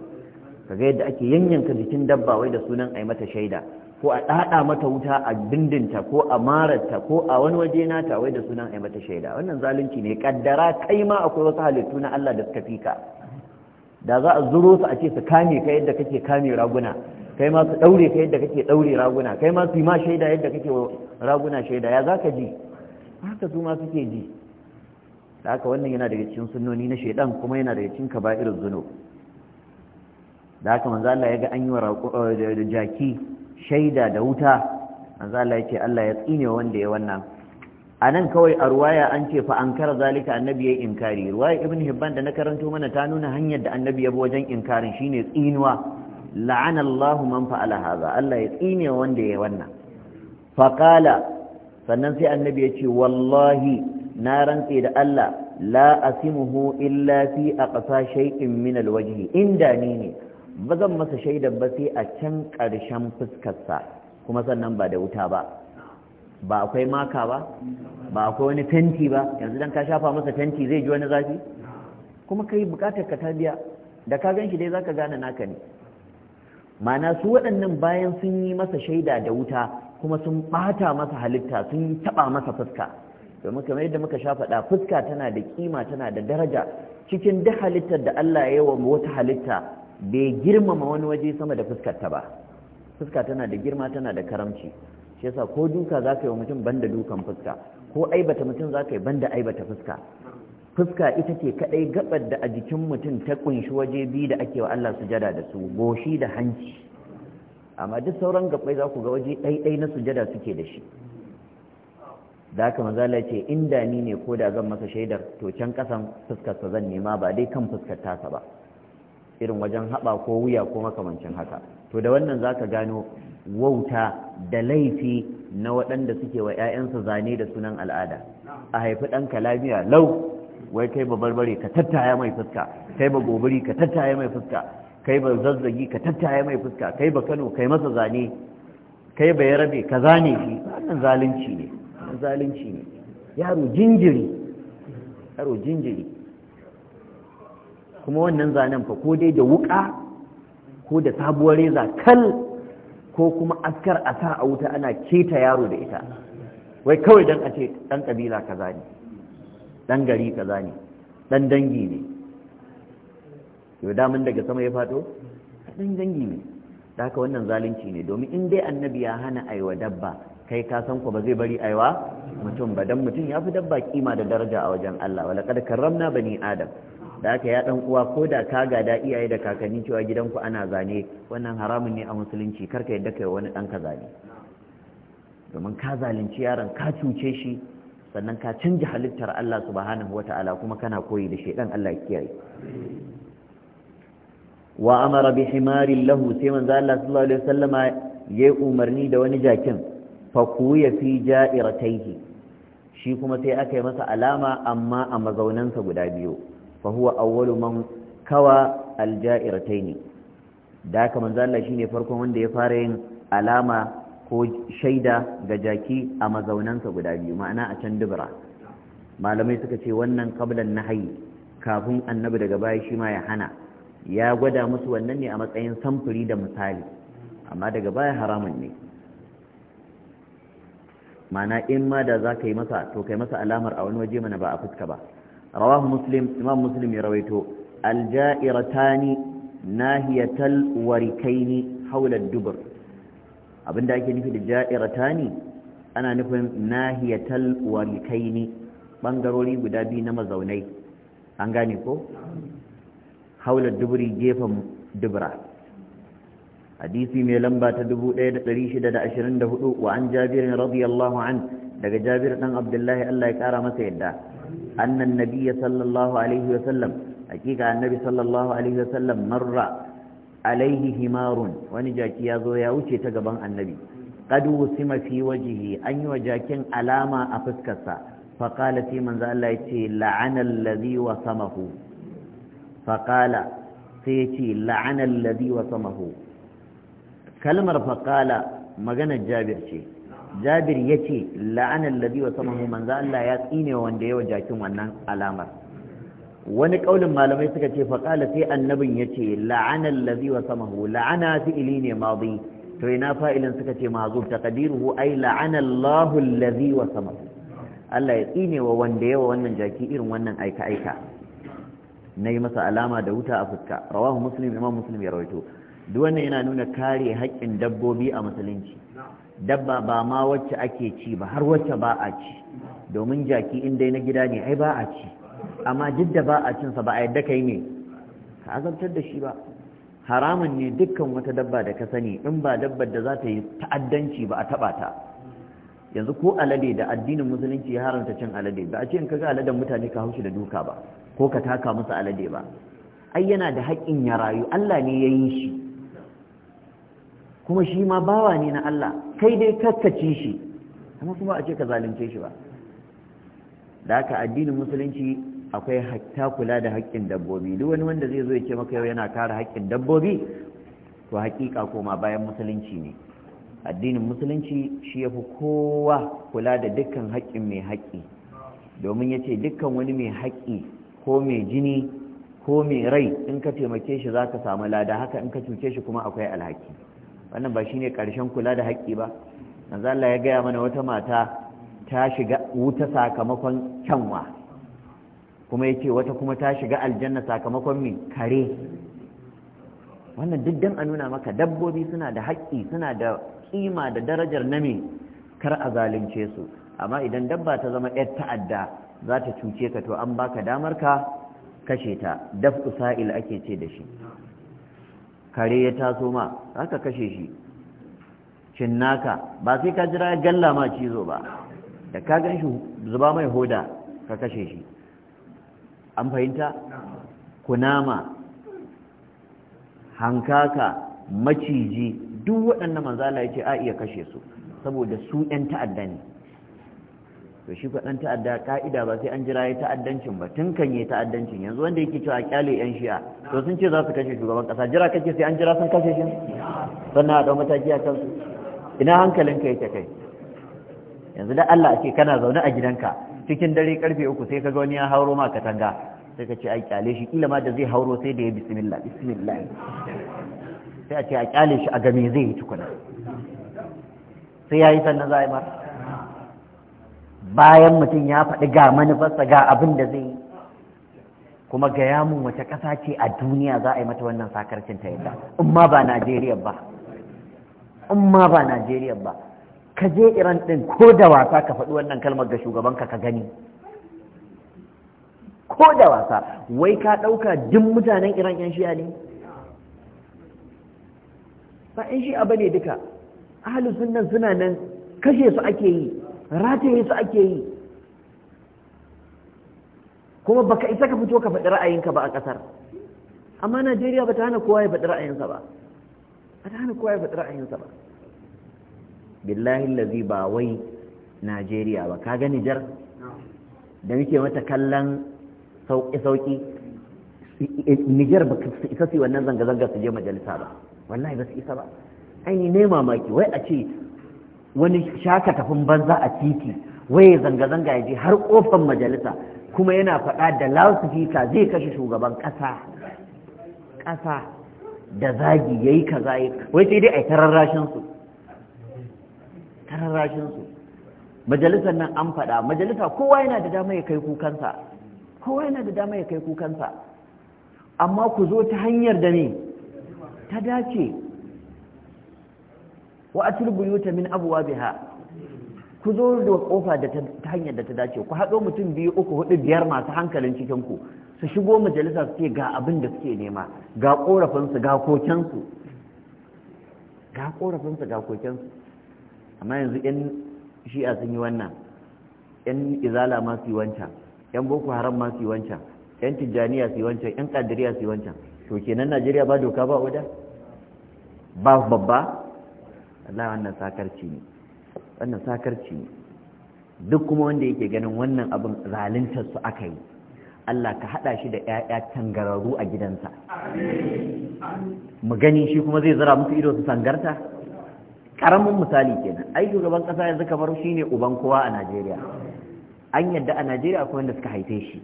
ka ga yadda ake yanyanka jikin dabba wai da sunan ai mata shaida ko a ɗaɗa mata wuta a bindinta ko a mararta ko a wani waje nata wai da sunan ai mata shaida wannan zalunci ne kaddara kai ma akwai wasu halittu na Allah da suka fika da za a zuro su a ce su kame ka yadda kake kame raguna kai ma su daure ka yadda kake daure raguna kai ma su yi ma shaida yadda kake raguna shaida ya za ka ji haka su ma suke ji da haka wannan yana daga cikin sunnoni na shaidan kuma yana daga cikin kaba'irul zunub da haka manzo Allah ya ga an yi wa eh, jaki shaida da wuta manzo Allah ya Allah ya tsine wanda ya wannan a nan kawai a ruwaya an ce fa an kara zalika annabi ya inkari ruwaya ibn hibban da na karanto mana ta nuna hanyar da annabi ya bi wajen inkarin shine tsinuwa la'ana Allahu man fa'ala hadha Allah ya tsine wanda ya wannan fa qala sannan sai annabi ya ce wallahi na rantse da Allah la asimuhu illa fi aqsa shay'in min alwajhi inda ni ne ba masa shaidar ba sai a can ƙarshen fuskarsa kuma sannan ba da wuta ba ba akwai maka ba ba akwai wani fenti ba yanzu dan ka shafa masa fenti zai ji wani zafi kuma kai bukatar ka tabiya da ka gan shi dai zaka gane naka ne mana su waɗannan bayan sun yi masa shaida da wuta kuma sun ɓata masa halitta sun taɓa masa fuska domin kamar yadda muka sha faɗa fuska tana da kima tana da daraja cikin duk halittar da Allah ya yi wa wata halitta bai girmama wani waje sama da fuskar ta ba fuska tana da girma tana da karamci shi yasa ko duka za ka yi wa mutum banda dukan fuska ko aibata mutum za ka yi banda aibata fuska fuska ita ce kaɗai gabar da a jikin mutum ta kunshi waje biyu da ake wa Allah sujada da su goshi da hanci amma duk sauran gabai za ku ga waje ɗaiɗai na sujada suke da shi da haka la ce inda ni ne ko da zan masa shaidar to can kasan fuskarsa zan nema ba dai kan fuskar tasa ba irin wajen haɓa ko wuya ko makamancin haka to da wannan zaka gano wauta da laifi na waɗanda suke wa 'ya'yansa zane da sunan al'ada a haifi ɗanka lafiya lau wai kai ba barbare ka tattaya mai fuska kai ba gobiri ka tattaya mai fuska kai ba zazzagi ka tattaya mai fuska kai ba kano kai masa zane kai ba rabe ka zane shi wannan zalunci ne zalunci ne yaro jinjiri yaro jinjiri kuma wannan zanen fa ko dai da wuka ko da sabuwar reza kal ko kuma askar a sa a wuta ana keta yaro da ita wai kawai dan a ce dan kabila kaza ne dan gari kaza ne dan dangi ne yau damun daga sama ya fado dan dangi ne da haka wannan zalunci ne domin in dai annabi ya hana aiwa dabba kai ka san ku ba zai bari aiwa mutum ba dan mutum ya fi dabba kima da daraja a wajen Allah wala kad karramna bani adam da haka ya dan uwa ko da ka gada iyaye da kakanni cewa gidanku ana zane wannan haramun ne a musulunci kar ka yadda kai wani dan ka zane domin ka zalunci yaron ka cuce shi sannan ka canja halittar Allah subhanahu wata'ala kuma kana koyi da shedan Allah kiyaye wa amara bi himarin lahu sai manzo Allah sallallahu alaihi wasallama yayi umarni da wani jakin fakuya fi ja'irataihi shi kuma sai aka yi masa alama amma a mazaunansa guda biyu fa huwa awwalu man kawa alja'irataini da kuma manzo Allah shine farkon wanda ya fara yin alama ko shaida ga jaki a mazaunansa guda biyu ma'ana a can dubra malamai suka ce wannan qablan nahyi kafin annabi daga baya shi ma ya hana ya gwada musu wannan ne a matsayin samfuri da misali amma daga baya haramun ne ma'ana in ma da za ka yi masa to kai masa alamar a wani waje mana ba a fuska ba rawahu muslim imam muslim ya rawaito alja'iratani nahiyatal warikaini haula dubur abinda ake nufi da ja'iratani ana nufin nahiyatal warikaini bangarori guda biyu na mazaunai an gane ko haula duburi gefen dubura hadisi mai lamba ta 1624 wa an jabir radiyallahu an daga jabir dan abdullahi Allah ya kara masa yadda annan nabiyya sallallahu alaihi wa sallam hakika annabi sallallahu alaihi wa sallam marra alaihi himarun wani jaki ya zo ya wuce ta gaban annabi qad wusima fi wajhihi an yi wa jakin alama a fuskarsa fa qala sai manzo Allah yace la'ana allazi wasamahu fa qala sai yace la'ana allazi kalmar faƙala maganar jabir ce jabir ya ce la'anar labi wa samahu manzo Allah ya tsine wanda yawa jakin wannan alamar wani ƙaunin malamai suka ce faƙala sai annabin ya ce la'anar labi wa samahu la'ana fi'ili ne madi to ina fa'ilin suka ce ta, taqdiruhu ai la'ana Allahu allazi wa samahu Allah ya tsine wa wanda yawa wannan jaki irin wannan aika aika Na yi masa alama da wuta a fuska rawahu muslim imam muslim ya rawaito duk wannan yana nuna kare haƙƙin dabbobi a musulunci dabba ba ma wacce ake ci ba har wacce ba a ci domin jaki in dai na gida ne ai ba a ci amma duk da ba a cinsa ba a yadda kai ne ka azabtar da shi ba haramun ne dukkan wata dabba da ka sani in ba dabbar da za ta yi ta'addanci ba a taɓa ta yanzu ko alade da addinin musulunci ya haramta cin alade ba a ce in ka ga aladen mutane ka haushi da duka ba ko ka taka musu alade ba ai yana da haƙƙin ya rayu Allah ne ya yi shi kuma shi ma bawa ne na Allah kai dai kakkace shi amma kuma a ce ka zalunce shi ba da haka addinin musulunci akwai hatta kula da haƙƙin dabbobi duk wani wanda zai zo ya ce maka yau yana kare haƙƙin dabbobi to haƙiƙa koma bayan musulunci ne addinin musulunci shi ya fi kowa kula da dukkan haƙƙin mai haƙƙi domin ya ce dukkan wani mai haƙƙi ko mai jini ko mai rai in ka taimake shi za ka samu lada haka in ka cuce shi kuma akwai alhaki wannan ba shine karshen kula da haƙƙi ba za Allah ya gaya mana wata mata ta shiga wuta sakamakon kyanwa kuma yace wata kuma ta shiga aljanna sakamakon mai kare wannan duk dan a nuna maka dabbobi suna da haƙƙi suna da kima da darajar na mai kar a zalunce su amma idan dabba ta zama yar ta'adda za ta cuce ka to an baka damar ka kashe ta daf usa'il ake ce da shi kare ya taso ma za ka kashe shi cinnaka ba sai ka jira ya galla ma cizo ba da ka gan shi zuba mai hoda ka kashe shi an fahimta kunama hankaka maciji duk waɗannan manzala ya ce a iya kashe su saboda su 'yan ta'adda ne to shi faɗan ta'adda ka'ida ba sai an jira ya ta'addancin ba tun kan yi ta'addancin yanzu wanda yake cewa ƙyale yan shi'a to sun ce za su kashe shugaban ƙasa jira kake sai an jira sun kashe shi sannan a ɗau mataki a kansu ina hankalinka yake kai yanzu da Allah ake kana zaune a gidanka cikin dare karfe uku sai ka ga wani ya hauro ma katanga sai ka ce a ƙyale shi kila ma da zai hauro sai da ya bismillah bismillah sai a ce a ƙyale shi a game zai yi tukuna sai ya yi sannan za a yi mara bayan mutum ya faɗi ga manufarsa ga abin da zai kuma ga yamun wace ƙasa ce a duniya za a yi mata wannan sakarcin ta yadda in ma ba najeriya ba in ma ba najeriya ba ka je iran ɗin ko da wasa ka faɗi wannan kalmar ga shugabanka ka gani ko da wasa wai ka ɗauka duk mutanen iran yan shiya ne ba yan shi'a ba ne duka ahalusun nan suna nan kashe su ake yi rataye su ake yi kuma baka isa ka fito ka faɗi ra'ayinka ba a ƙasar amma najeriya ba ta hana kowa ya faɗi ra'ayinsa ba ba ta hana kowa ya faɗi ra'ayinsa ba billahi lazi ba wai najeriya ba ka ga nijar da muke mata kallon sauƙi-sauƙi nijar ba su isa su wannan zanga-zanga su je majalisa ba wallahi ba su isa ba aini ne mamaki wai a ce wani shaka tafin banza a titi waye zanga-zanga ya je har kofar majalisa kuma yana faɗa da lausifika zai kashe shugaban ƙasa ƙasa da zagi ya yi kaza yi wai sai dai a yi tararrashinsu tararrashinsu majalisar nan an faɗa majalisa kowa yana da dama ya kai kukansa kowa yana da dama ya kai kukansa amma ku zo ta hanyar da ne ta dace wa atil buyuta min abwabiha ku zo da kofa da ta hanyar da ta dace ku haɗo mutum biyu uku hudu biyar masu hankalin cikin ku su shigo majalisa su ce ga abin da suke nema ga su ga kokensu ga su ga su amma yanzu yan shi'a sun yi wannan in izala ma su yi wancan yan boko haram ma su yi wancan yan tijjaniya su yi wancan yan kadiriya su yi wancan to kenan najeriya ba doka ba wada ba babba Allah wannan sakarci ne wannan sakarci ne duk kuma wanda yake ganin wannan abin zalintar su aka yi Allah ka hada shi da ƴaƴa tangararru a gidansa mu gani shi kuma zai zira musu ido su sangarta ƙaramin misali kenan ai shugaban ƙasa yanzu kamar shi ne uban kowa a najeriya an yadda a najeriya akwai wanda suka haife shi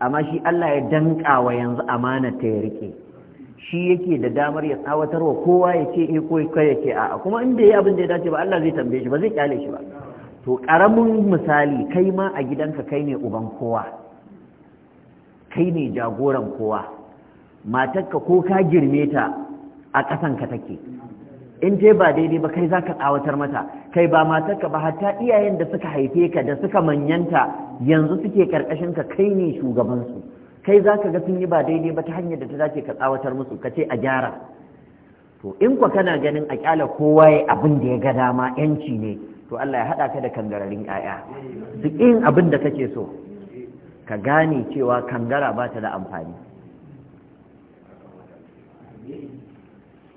amma shi Allah ya danka wa yanzu amana ta ya rike shi yake da damar ya tsawatarwa kowa ya ce eh ko kai yake a kuma in bai yi abin da ya dace ba Allah zai tambaye shi ba zai kyale shi ba to karamin misali kai ma a gidanka kai ne uban kowa kai ne jagoran kowa matarka ko ka girme ta a ƙasanka take in dai ba daidai ba kai zaka tsawatar mata kai ba matarka ba hatta iyayen da suka haife ka da suka manyanta yanzu suke karkashin ka kai ne shugabansu kai za ka ga sun yi ba daidai ba ta hanyar da ta dace ka tsawatar musu ka ce a gyara to in kwa kana ganin a kyala kowa ya abin da ya ga dama yanci ne to Allah ya haɗa ka da kangararin 'ya'ya su in abin da kake so ka gane cewa kangara ba ta da amfani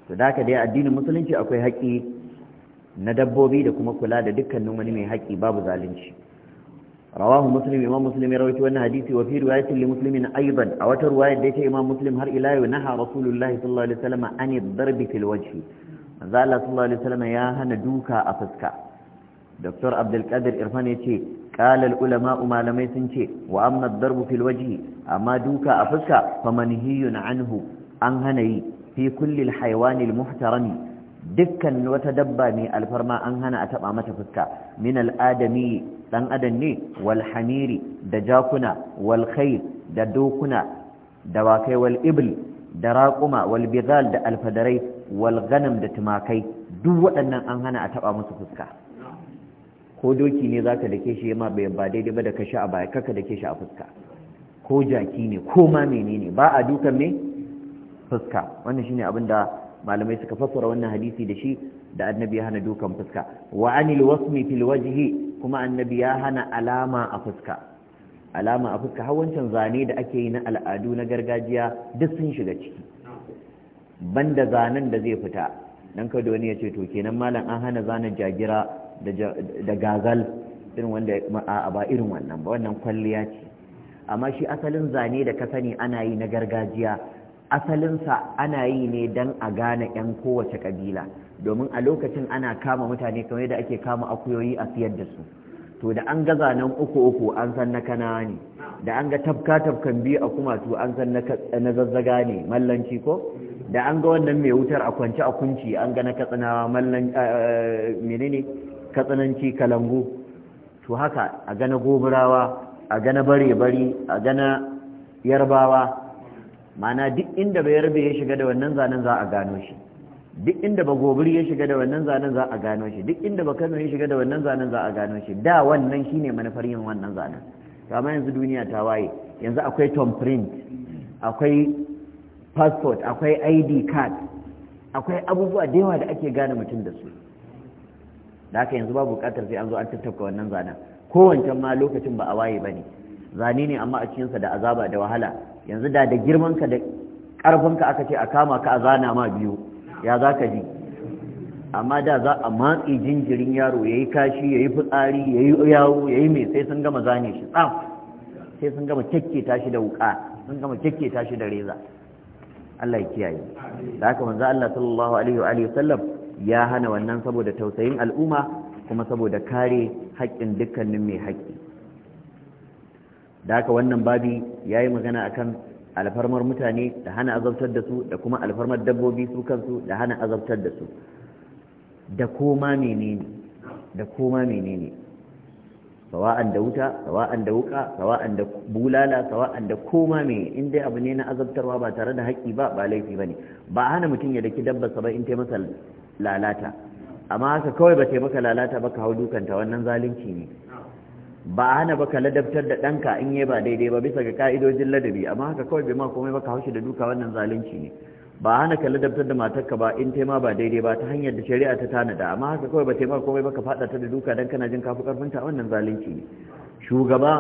to da ka dai addinin musulunci akwai haƙƙi na dabbobi da kuma kula da dukkanin wani mai haƙƙi babu zalunci rawahu muslim imam muslim ya rawaito wannan hadisi wa fi riwayatin muslimin aidan a wata riwayar da yake imam muslim har ila yau naha rasulullahi sallallahu alaihi wasallam an yadarbi fil wajhi manzo ya hana duka a fuska Dr. Abdulkadir Irfan ya ce, Ƙalar ulama malamai sun ce, wa amma darbu fil waji, amma duka a fuska, fa manhiyun anhu, an hana yi, fi kullil haiwanil muhtarami dukkan wata dabba mai alfarma an hana a taba mata fuska min al'adami dan adam ne wal hamiri da jakuna wal da dokuna da wakai wal ibl da raquma wal bizal da alfadarai wal ganam da tumakai duk waɗannan an hana a taba musu fuska ko doki ne zaka dake shi yamma bai ba daidai ba da kashi a baya kaka dake shi a fuska ko jaki ne ko ma menene ba a dukan me fuska wannan shine abin da malamai suka fassara wannan hadisi da shi da annabi ya hana dukan fuska wa anil wasmi fil wajhi kuma annabi ya hana alama a fuska alama a fuska hawancin zane da ake yi na al'adu na gargajiya duk sun shiga ciki banda zanen da zai fita dan kada wani yace to kenan malam an hana zanen jagira da gagal. irin wanda a ba irin wannan ba wannan kwalliya ce amma shi asalin zane da ka sani ana yi na gargajiya asalinsa ana yi ne dan a gane 'yan kowace kabila domin a lokacin ana kama mutane kamar yadda ake kama akuyoyi a siyar da su to da an gaza nan uku uku an san na kana ne da an ga tafka tafkan biyu a kumatu an san na zazzaga ne mallanci ko da an ga wannan mai wutar a kwance a kunci an ga na katsinawa mallan eh, eh, menene katsinanci kalangu to haka a gana goburawa a gana bare-bari a gana yarbawa mana duk inda bai yarbe ya shiga da wannan zanen za a gano shi duk inda ba gobiri ya shiga da wannan zanen za a gano shi duk inda ba kano ya shiga da wannan zanen za a gano shi da wannan shine manufar yin wannan zanen amma yanzu duniya ta waye yanzu akwai tom print akwai passport akwai id card akwai abubuwa da yawa da ake gane mutum da su da haka yanzu babu bukatar sai an zo an tattauka wannan zanen kowancan ma lokacin ba a waye ba ne zane ne amma a cikinsa da azaba da wahala yanzu da da girmanka da ƙarfinka aka ce a kama ka a zana ma biyu ya za ka ji amma da za a matsi jinjirin yaro ya yi kashi ya yi fitsari ya yi yawo ya yi mai sai sun gama zane shi tsam sai sun gama kyakke shi da wuka sun gama kyakke shi da reza Allah ya kiyaye da haka manzo Allah sallallahu alaihi wa alihi sallam ya hana wannan saboda tausayin al'umma kuma saboda kare haƙƙin dukkanin mai haƙƙi da haka wannan babi ya yi magana a kan alfarmar mutane da hana azabtar da su da kuma alfarmar dabbobi su kansu da hana azabtar da su da koma menene da koma menene sawa'an da wuta sawa'an da wuka sawa'an da bulala sawa'an da koma me in dai abu ne na azabtarwa ba tare da haƙƙi ba ba laifi ba ne. ba hana mutum ya daki dabba sa ba in taimaka lalata amma haka kawai ba taimaka lalata ba ka hau dukanta wannan zalunci ne ba hana ba ka ladabtar da danka in yi ba daidai ba bisa ga ka'idojin ladabi amma haka kawai bai ma komai ba ka haushi da duka wannan zalunci ne ba hana ka ladabtar da matarka ba in tema ba daidai ba ta hanyar da shari'a ta tanada amma haka kawai ba tema komai ba ka faɗa ta da duka don kana jin kafi ta wannan zalunci ne shugaba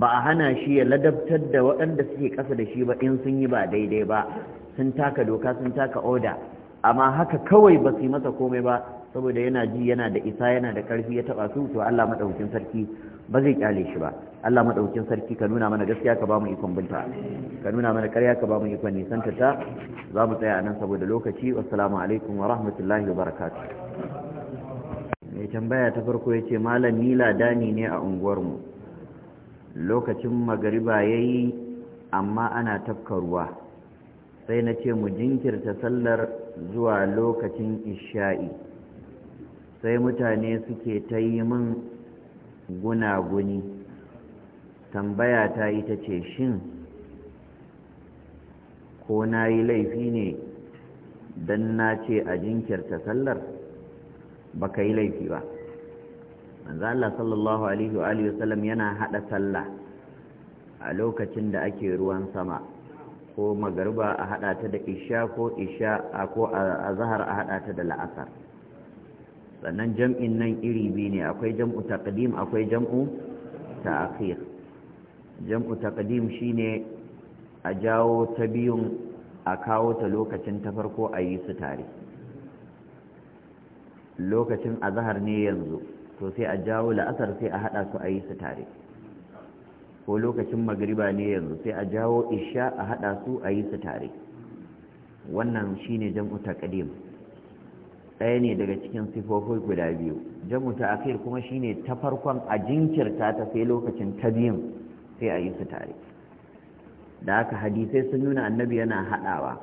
ba a hana shi ya ladabtar da waɗanda suke ƙasa da shi ba in sun yi ba daidai ba sun taka doka sun taka oda amma haka kawai ba su yi masa komai ba saboda yana ji yana da isa yana da ƙarfi ya taɓa su to Allah maɗaukin sarki ba zai kyale shi ba Allah madaukin sarki ka nuna mana gaskiya ka ba ikon binta ka nuna mana ƙarya ka ba ikon nisanta ta za mu tsaya nan saboda lokaci assalamu alaikum wa rahmatullahi wa barakatuh mai tambaya ta farko ya ce malam nila dani ne a unguwarmu lokacin magariba ya yi amma ana tafka ruwa sai na ce mu jinkirta sallar zuwa lokacin isha'i sai mutane suke ta yi min gunaguni tambaya ta ita ce shin ko na yi laifi ne don na ce a jinkirta sallar ba ka yi laifi ba manzo Allah sallallahu alaihi wa yana hada sallah a lokacin da ake ruwan sama ko magarba a hada ta da isha ko isha ko a zahar a hada ta da la'asar sannan jam'in nan iri biyu ne akwai jam'u taqdim akwai jam'u ta'khir jam'u taqdim shine a jawo ta biyun a kawo ta lokacin ta farko a yi su tare lokacin azhar ne yanzu to sai a jawo la'asar sai a hada su a yi su tare ko lokacin magriba ne yanzu sai a jawo isha a hada su a yi su tare wannan shine jam'u taqdim ɗaya ne daga cikin sifofi guda biyu jamu ta akhir kuma shine ta farkon a jinkirta ta sai lokacin ta biyun sai a yi su tare da haka hadisai sun nuna annabi yana haɗawa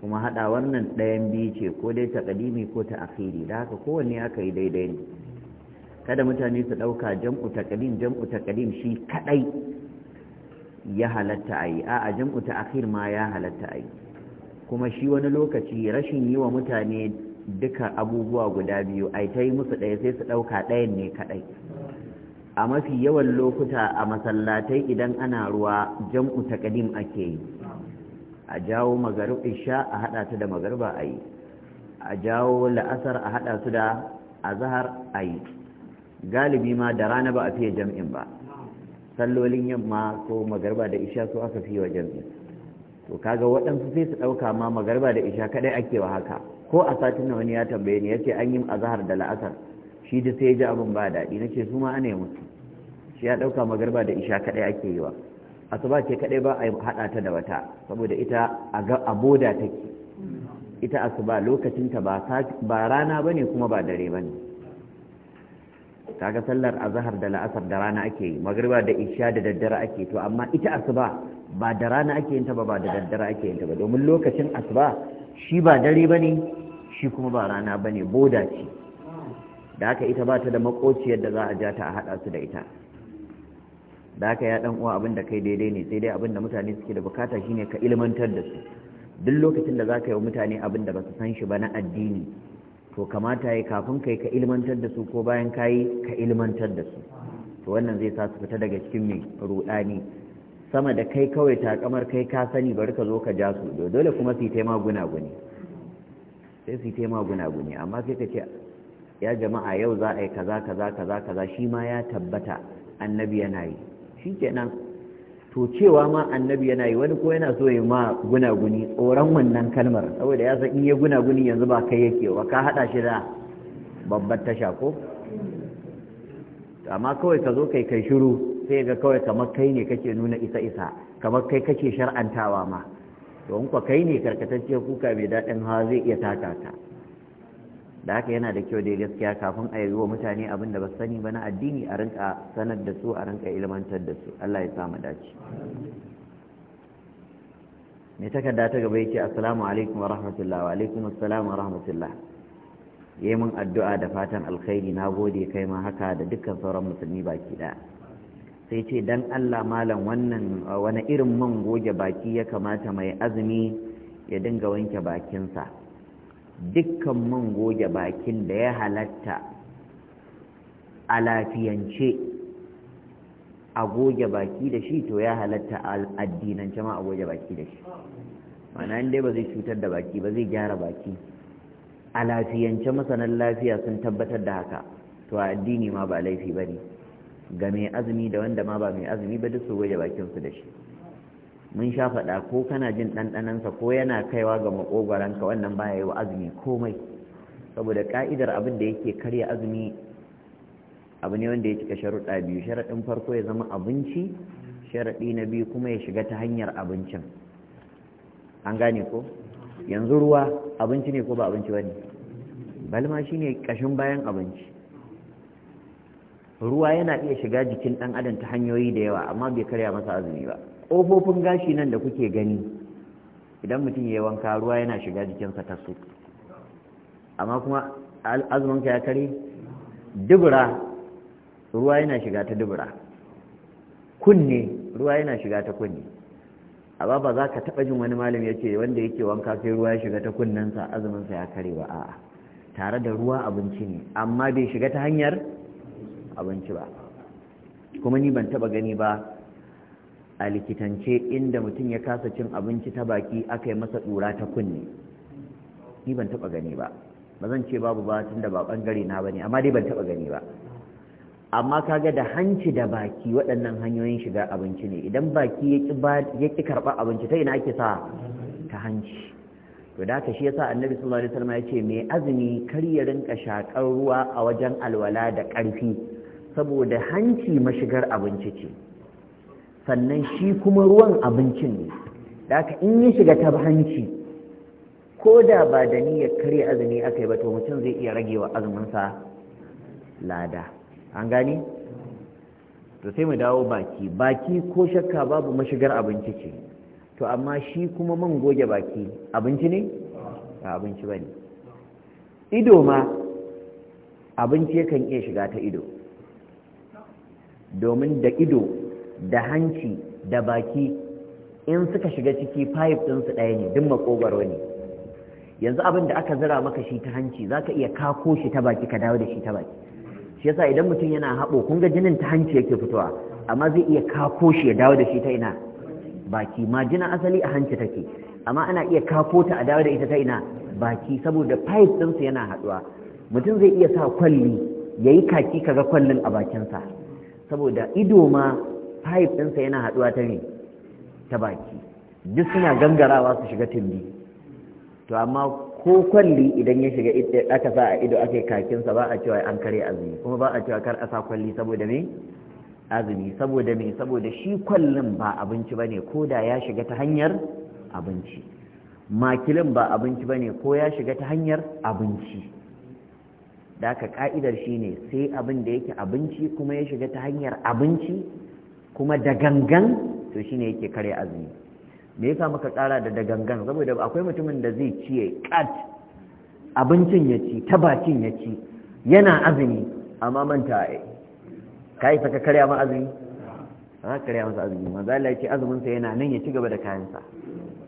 kuma haɗawar nan ɗayan biyu ce ko dai ta ƙadimi ko ta akhiri da haka kowanne aka yi daidai ne kada mutane su ɗauka jam'u ta ƙadim jam'u ta ƙadim shi kaɗai ya halatta a yi a'a jam'u ta akhir ma ya halatta a yi kuma shi wani lokaci rashin yi wa mutane duka abubuwa guda biyu ai ta yi musu ɗaya sai su ɗauka ɗayan ne kaɗai a mafi yawan lokuta a masallatai idan ana ruwa jam'u ta ƙadim ake yi a jawo magarib isha a haɗa su da magariba a yi a jawo la'asar a haɗa su da azahar a yi galibi ma da rana ba a fiye jam'in ba sallolin yamma ko magariba da isha su aka fiye wa jam'in to kaga waɗansu sai su ɗauka ma magariba da isha kaɗai ake wa haka ko a satin na wani ya tambaye ni yace an yi azhar da la'asar shi da sai ya ji abin ba daɗi nace su ma ana yi musu shi ya ɗauka magarba da isha kaɗai ake yi wa asuba ce kaɗai ba a haɗa ta da wata saboda ita a boda take ita asuba lokacinta ba rana ba ne kuma ba dare ba ne kaga sallar azahar da la'asar da rana ake yi magarba da isha da daddare ake to amma ita asuba ba da rana ake yin ta ba ba da daddare ake yin ta ba domin lokacin asuba shi ba dare ba ne shi kuma ba rana ba ne boda ce da aka ita ba ta da makociyar da za a ja ta a haɗa su da ita da aka ya ɗan uwa abin da kai daidai ne sai dai abin da mutane suke da bukata ne ka ilmantar da su duk lokacin da za ka yi wa mutane abin da ba su san shi ba na addini to kamata ya kafin kai ka ilmantar da su ko bayan ka yi ka ilmantar da su to wannan zai sa su fita daga cikin mai ruɗani sama da kai kawai takamar kai ka sani bari ka zo ka ja su dole kuma su yi taima guna-guni sai su ma gunaguni amma sai ka ce ya jama'a yau za a yi kaza kaza kaza kaza shi ma ya tabbata annabi yana yi shi kenan to cewa ma annabi yana yi wani ko yana so ya ma gunaguni tsoron wannan kalmar saboda ya san in ya gunaguni yanzu ba kai yake wa ka hada shi da babbar tasha ko amma kawai ka zo kai kai shiru sai ga kawai kamar kai ne kake nuna isa isa kamar kai kake shar'antawa ma to in kwa kai ne karkatacciyar kuka mai daɗin hawa zai iya taka ta da haka yana da kyau dai gaskiya kafin a yi wa mutane abin da ba sani ba na addini a rinka sanar da su a rinka ilmantar da su Allah ya samu dace mai takarda ta gaba yake assalamu alaikum wa rahmatullah wa alaikum assalam wa rahmatullah yi min addu'a da fatan alkhairi na gode kai ma haka da dukkan sauran musulmi baki daya sai ce dan Allah malam wannan wani irin man goge baki ya kamata mai azumi ya dinga wanke bakinsa dukkan man goge bakin da ya halatta a lafiyance a goge baki da shi to ya halatta a addinance ma a goge baki da shi mana dai ba zai cutar da baki ba zai gyara baki a lafiyance masanan lafiya sun tabbatar da haka to a addini ma ba laifi ba ne ga mai azumi da wanda ma ba mai azumi ba duk su goge bakinsu da shi mun sha faɗa ko kana jin ɗanɗanansa ko yana kaiwa ga maƙogwaranka wannan baya yi wa azumi komai saboda ƙa'idar abin da yake karya azumi abu ne wanda ya cika sharuɗa biyu sharaɗin farko ya zama abinci sharaɗi na biyu kuma ya shiga ta hanyar abincin an gane ko yanzu ruwa abinci ne ko ba abinci ba ne balma shi ne ƙashin bayan abinci ruwa yana iya shiga jikin ɗan adam ta hanyoyi da yawa amma bai karya masa azumi ba ƙofofin gashi nan da kuke gani idan mutum ya yi wanka ruwa yana shiga jikinsa ta su amma kuma azuminka ya kare dubura ruwa yana shiga ta dubura kunne ruwa yana shiga ta kunne amma ba za ka taɓa jin wani malam ya ce wanda yake wanka sai ruwa ya shiga ta kunnensa azuminsa ya kare ba a'a tare da ruwa abinci ne amma bai shiga ta hanyar abinci ba kuma ni ban taba gani ba a likitance inda mutum ya kasa cin abinci ta baki aka yi masa tsura ta kunne ni ban taba gani ba ba zan ce babu ba tun da ba bangare na ba ne amma dai ban taba gani ba amma kaga da hanci da baki waɗannan hanyoyin shiga abinci ne idan baki ya ƙi karɓar abinci ta ina ake sa ta hanci to da haka shi yasa annabi sallallahu alaihi wasallam ya ce mai azumi kar ya rinka shakar ruwa a wajen alwala da ƙarfi saboda hanci mashigar abinci ce sannan shi kuma ruwan abincin ne da in yi shiga ta hanci ko da ba da niyyar karya azumi aka yi ba to mutum zai iya ragewa azuminsa lada an gani to sai mu dawo baki baki ko shakka babu mashigar abinci ce to amma shi kuma man goge baki abinci ne ba abinci ba ne ido ma abinci yakan iya shiga ta ido domin da ido da hanci da baki in suka shiga ciki pipe ɗinsu ɗaya ne duk makogaro ne yanzu abin da aka zira maka shi ta hanci za ka iya kako shi ta baki ka dawo da shi ta baki shi yasa idan mutum yana haɓo kun ga jinin ta hanci yake fitowa amma zai iya kako shi ya dawo da shi ta ina baki ma. Jina asali a hanci take amma ana iya kako ta a dawo da ita ta ina baki saboda pipe ɗinsu yana haɗuwa mutum zai iya sa kwalli ya yi kaki kaga kwallin a bakinsa saboda ido ma pipe ɗinsa yana haɗuwa ta ne ta baki duk suna gangarawa su shiga tumbi to amma ko kwalli idan ya shiga ita aka sa a ido aka yi kakinsa ba a cewa an kare azumi kuma ba a cewa kar a sa kwalli saboda me azumi saboda me saboda shi kwallin ba abinci ba ne ko da ya shiga ta hanyar abinci makilin ba abinci ba ne ko ya shiga ta hanyar abinci da aka ka'idar shi ne sai abin da yake abinci kuma ya shiga ta hanyar abinci kuma da gangan to shi ne yake kare azumi me yasa muka tsara da da gangan saboda akwai mutumin da zai ciye kat abincin ya ci ta bakin ya ci yana azumi amma manta ai ka yi saka karya ma azumi ha karya azumi manzo Allah yake azumin sa yana nan ya ci gaba da kayan sa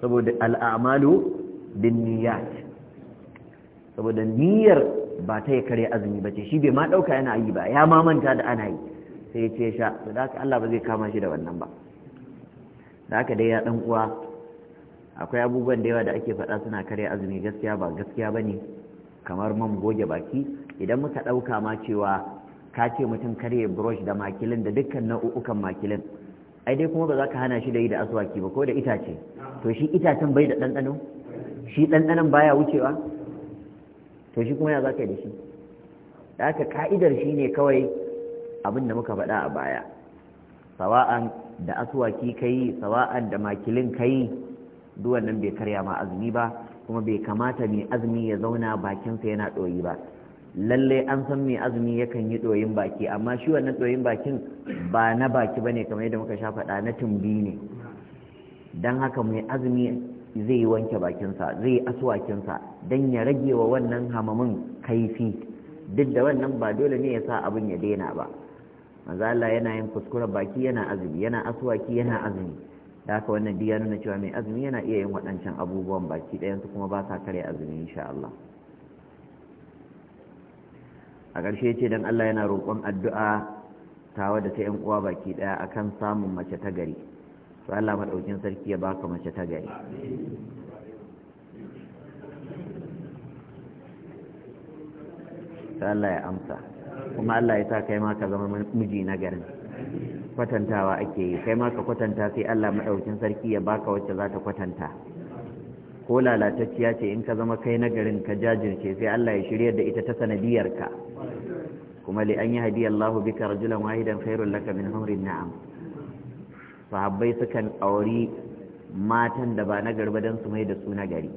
saboda al-a'malu bin niyyat saboda niyyar ba ta ya karya azumi ba ce shi bai ma ɗauka yana yi ba ya mamanta da ana yi sai ya ce sha to da haka Allah ba zai kama shi da wannan ba da haka dai ya ɗan uwa akwai abubuwan da yawa da ake faɗa suna karya azumi gaskiya ba gaskiya ba ne kamar man goge baki idan muka ɗauka ma cewa ka ce mutum karya brush da makilin da dukkan nau'ukan makilin ai dai kuma ba za ka hana shi da yi da asuwaki ba ko da itace to shi itacen bai da ɗanɗano shi ɗanɗanon baya wucewa to shi kuma ya za ka da shi da aka ka'idar shi ne kawai abin da muka faɗa a baya sawa'an da asuwaki ka yi sawa'an da makilin ka yi nan bai karya ma azumi ba kuma bai kamata mai azumi ya zauna bakinsa yana ɗoyi ba Lallai an san mai azumi yakan yi ɗoyin baki amma shi wannan ɗoyin bakin ba na baki ba ne kamar yadda muka sha faɗa na tumbi ne don haka mai azumi zai wanke bakinsa zai asuwakinsa don ya rage wa wannan hamamin kaifi duk da wannan ba dole ne ya sa abin ya daina ba mazala yana yin kuskuren baki yana azumi yana asuwaki yana azumi da haka wannan biya nuna cewa mai azumi yana iya yin waɗancan abubuwan baki ɗayansu kuma ba sa kare azumi insha Allah a ƙarshe ce don Allah yana roƙon addu'a tawa da ta 'yan uwa baki ɗaya akan samun mace ta gari to Allah maɗaukin sarki ya baka mace ta gari ta Allah ya amsa kuma Allah ya sa kai ma ka zama miji na garin kwatantawa ake yi kai ma ka kwatanta sai Allah maɗaukin sarki ya baka wacce za ta kwatanta ko lalatacciya ce in ka zama kai na garin ka jajirce sai Allah ya shirya da ita ta sanadiyarka kuma li an yi Allahu Allah bika rajulan wahidan khairul laka min humrin na'am sahabbai sukan auri matan da ba na garba don su mai da su na gari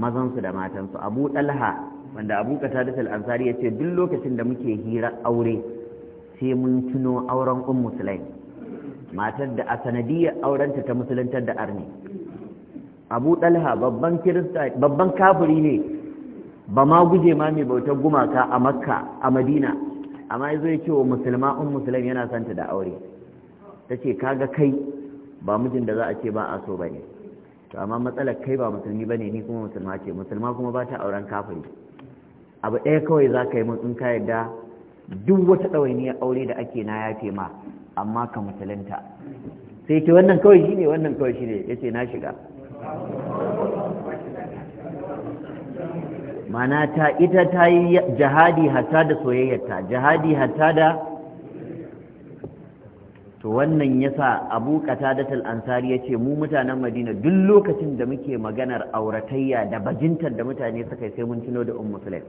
mazansu da matansu abu ɗalha wanda abu qatadat al-ansari ce duk lokacin da muke hira aure sai mun tuno auren Un musulai matar da a sanadiyar aurenta ta musuluntar da arni abu ɗalha babban kirista babban kafuri ne ba ma guje ma mai bautar gumaka a makka a madina amma yazo ya ce wa musulma Un musulai yana santa da aure ta ce kaga kai ba mijin da za a ce ba a so ba ne to amma matsalar kai ba musulmi ba ne ni kuma musulma ce musulma kuma ba ta auren kafiri abu ɗaya kawai za ka yi mun in ka yarda duk wata ɗawainiyar aure da ake na yafe ma amma ka musulunta sai ce wannan kawai shi ne wannan kawai shi ne ya ce na shiga mana ta ita ta yi jihadi hatta da soyayyarta jihadi hatta da to wannan yasa abu qatadatul ansari yace mu mutanen madina duk lokacin da muke maganar auratayya da bajintar da mutane suka yi sai mun tuno da ummu sulaim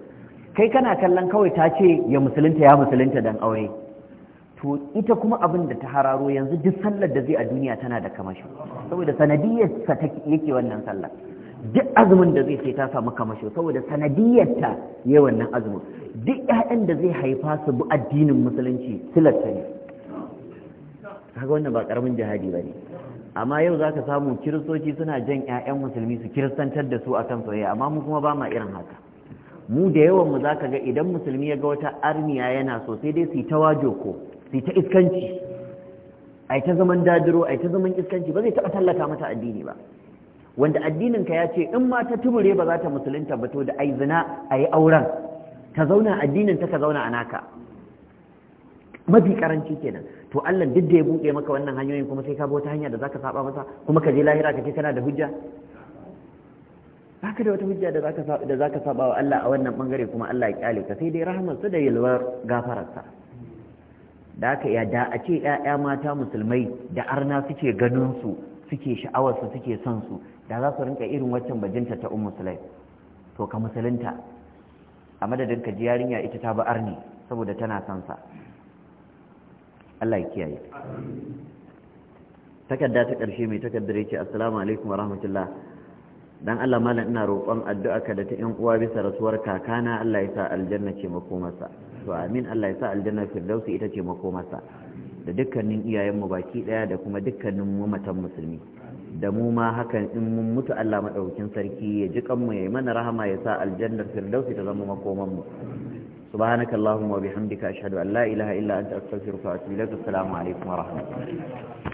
kai kana kallon kawai ta ce ya musulunta ya musulunta dan aure to ita kuma abin da ta hararo yanzu duk sallar da zai a duniya tana da kamashi saboda sa take yake wannan sallar duk azumin da zai sai ta samu kamasho saboda ta yayin wannan azumin duk ƴaƴan da zai haifa su bu addinin musulunci ta ne kaga wannan ba karamin jihadi ba ne amma yau za ka samu kiristoci suna jan 'ya'yan musulmi su kiristantar da su akan soyayya amma mu kuma ba ma irin haka mu da yawan mu za ka ga idan musulmi ya ga wata armiya yana so sai dai su yi ta wajo ko su yi ta iskanci a ta zaman dadiro a ta zaman iskanci ba zai taɓa tallata mata addini ba wanda addinin ka ya ce in ma ta tubure ba za ta musulunta ba to da ai zina a yi auren ta zauna addinin ta ka zauna a naka mafi karanci kenan to Allah duk da ya buɗe maka wannan hanyoyin kuma sai ka bi wata hanya da zaka saba masa kuma ka je lahira ka ce kana da hujja baka da wata hujja da zaka saba da saba wa Allah a wannan bangare kuma Allah ya kyale ka sai dai rahman sa da yalwar gafararsa da aka ya da a ce ƴaƴa mata musulmai da arna suke ganin su suke sha'awar su suke son su da za su rinka irin waccan bajinta ta ummu sulai to ka musulunta a madadin ka ji yarinya ita ta ba arni saboda tana son sa Allah ya kiyaye takarda ta ƙarshe mai takardar yake assalamu alaikum wa rahmatullah dan Allah malam ina roƙon addu'a ka da ta ƴan uwa bisa rasuwar kakana Allah ya sa aljanna ce makomarsa to amin Allah ya sa aljanna firdausi ita ce makomarsa da dukkanin iyayenmu baki daya da kuma dukkanin mu matan musulmi da mu ma hakan in mun mutu Allah madaukin sarki ya ji kanmu yi mana rahama ya sa aljannar firdausi ta zama makomanmu subhanaka allahumma wa bihamdika ashhadu an la illa anta astaghfiruka wa atubu ilaik assalamu alaikum wa rahmatullahi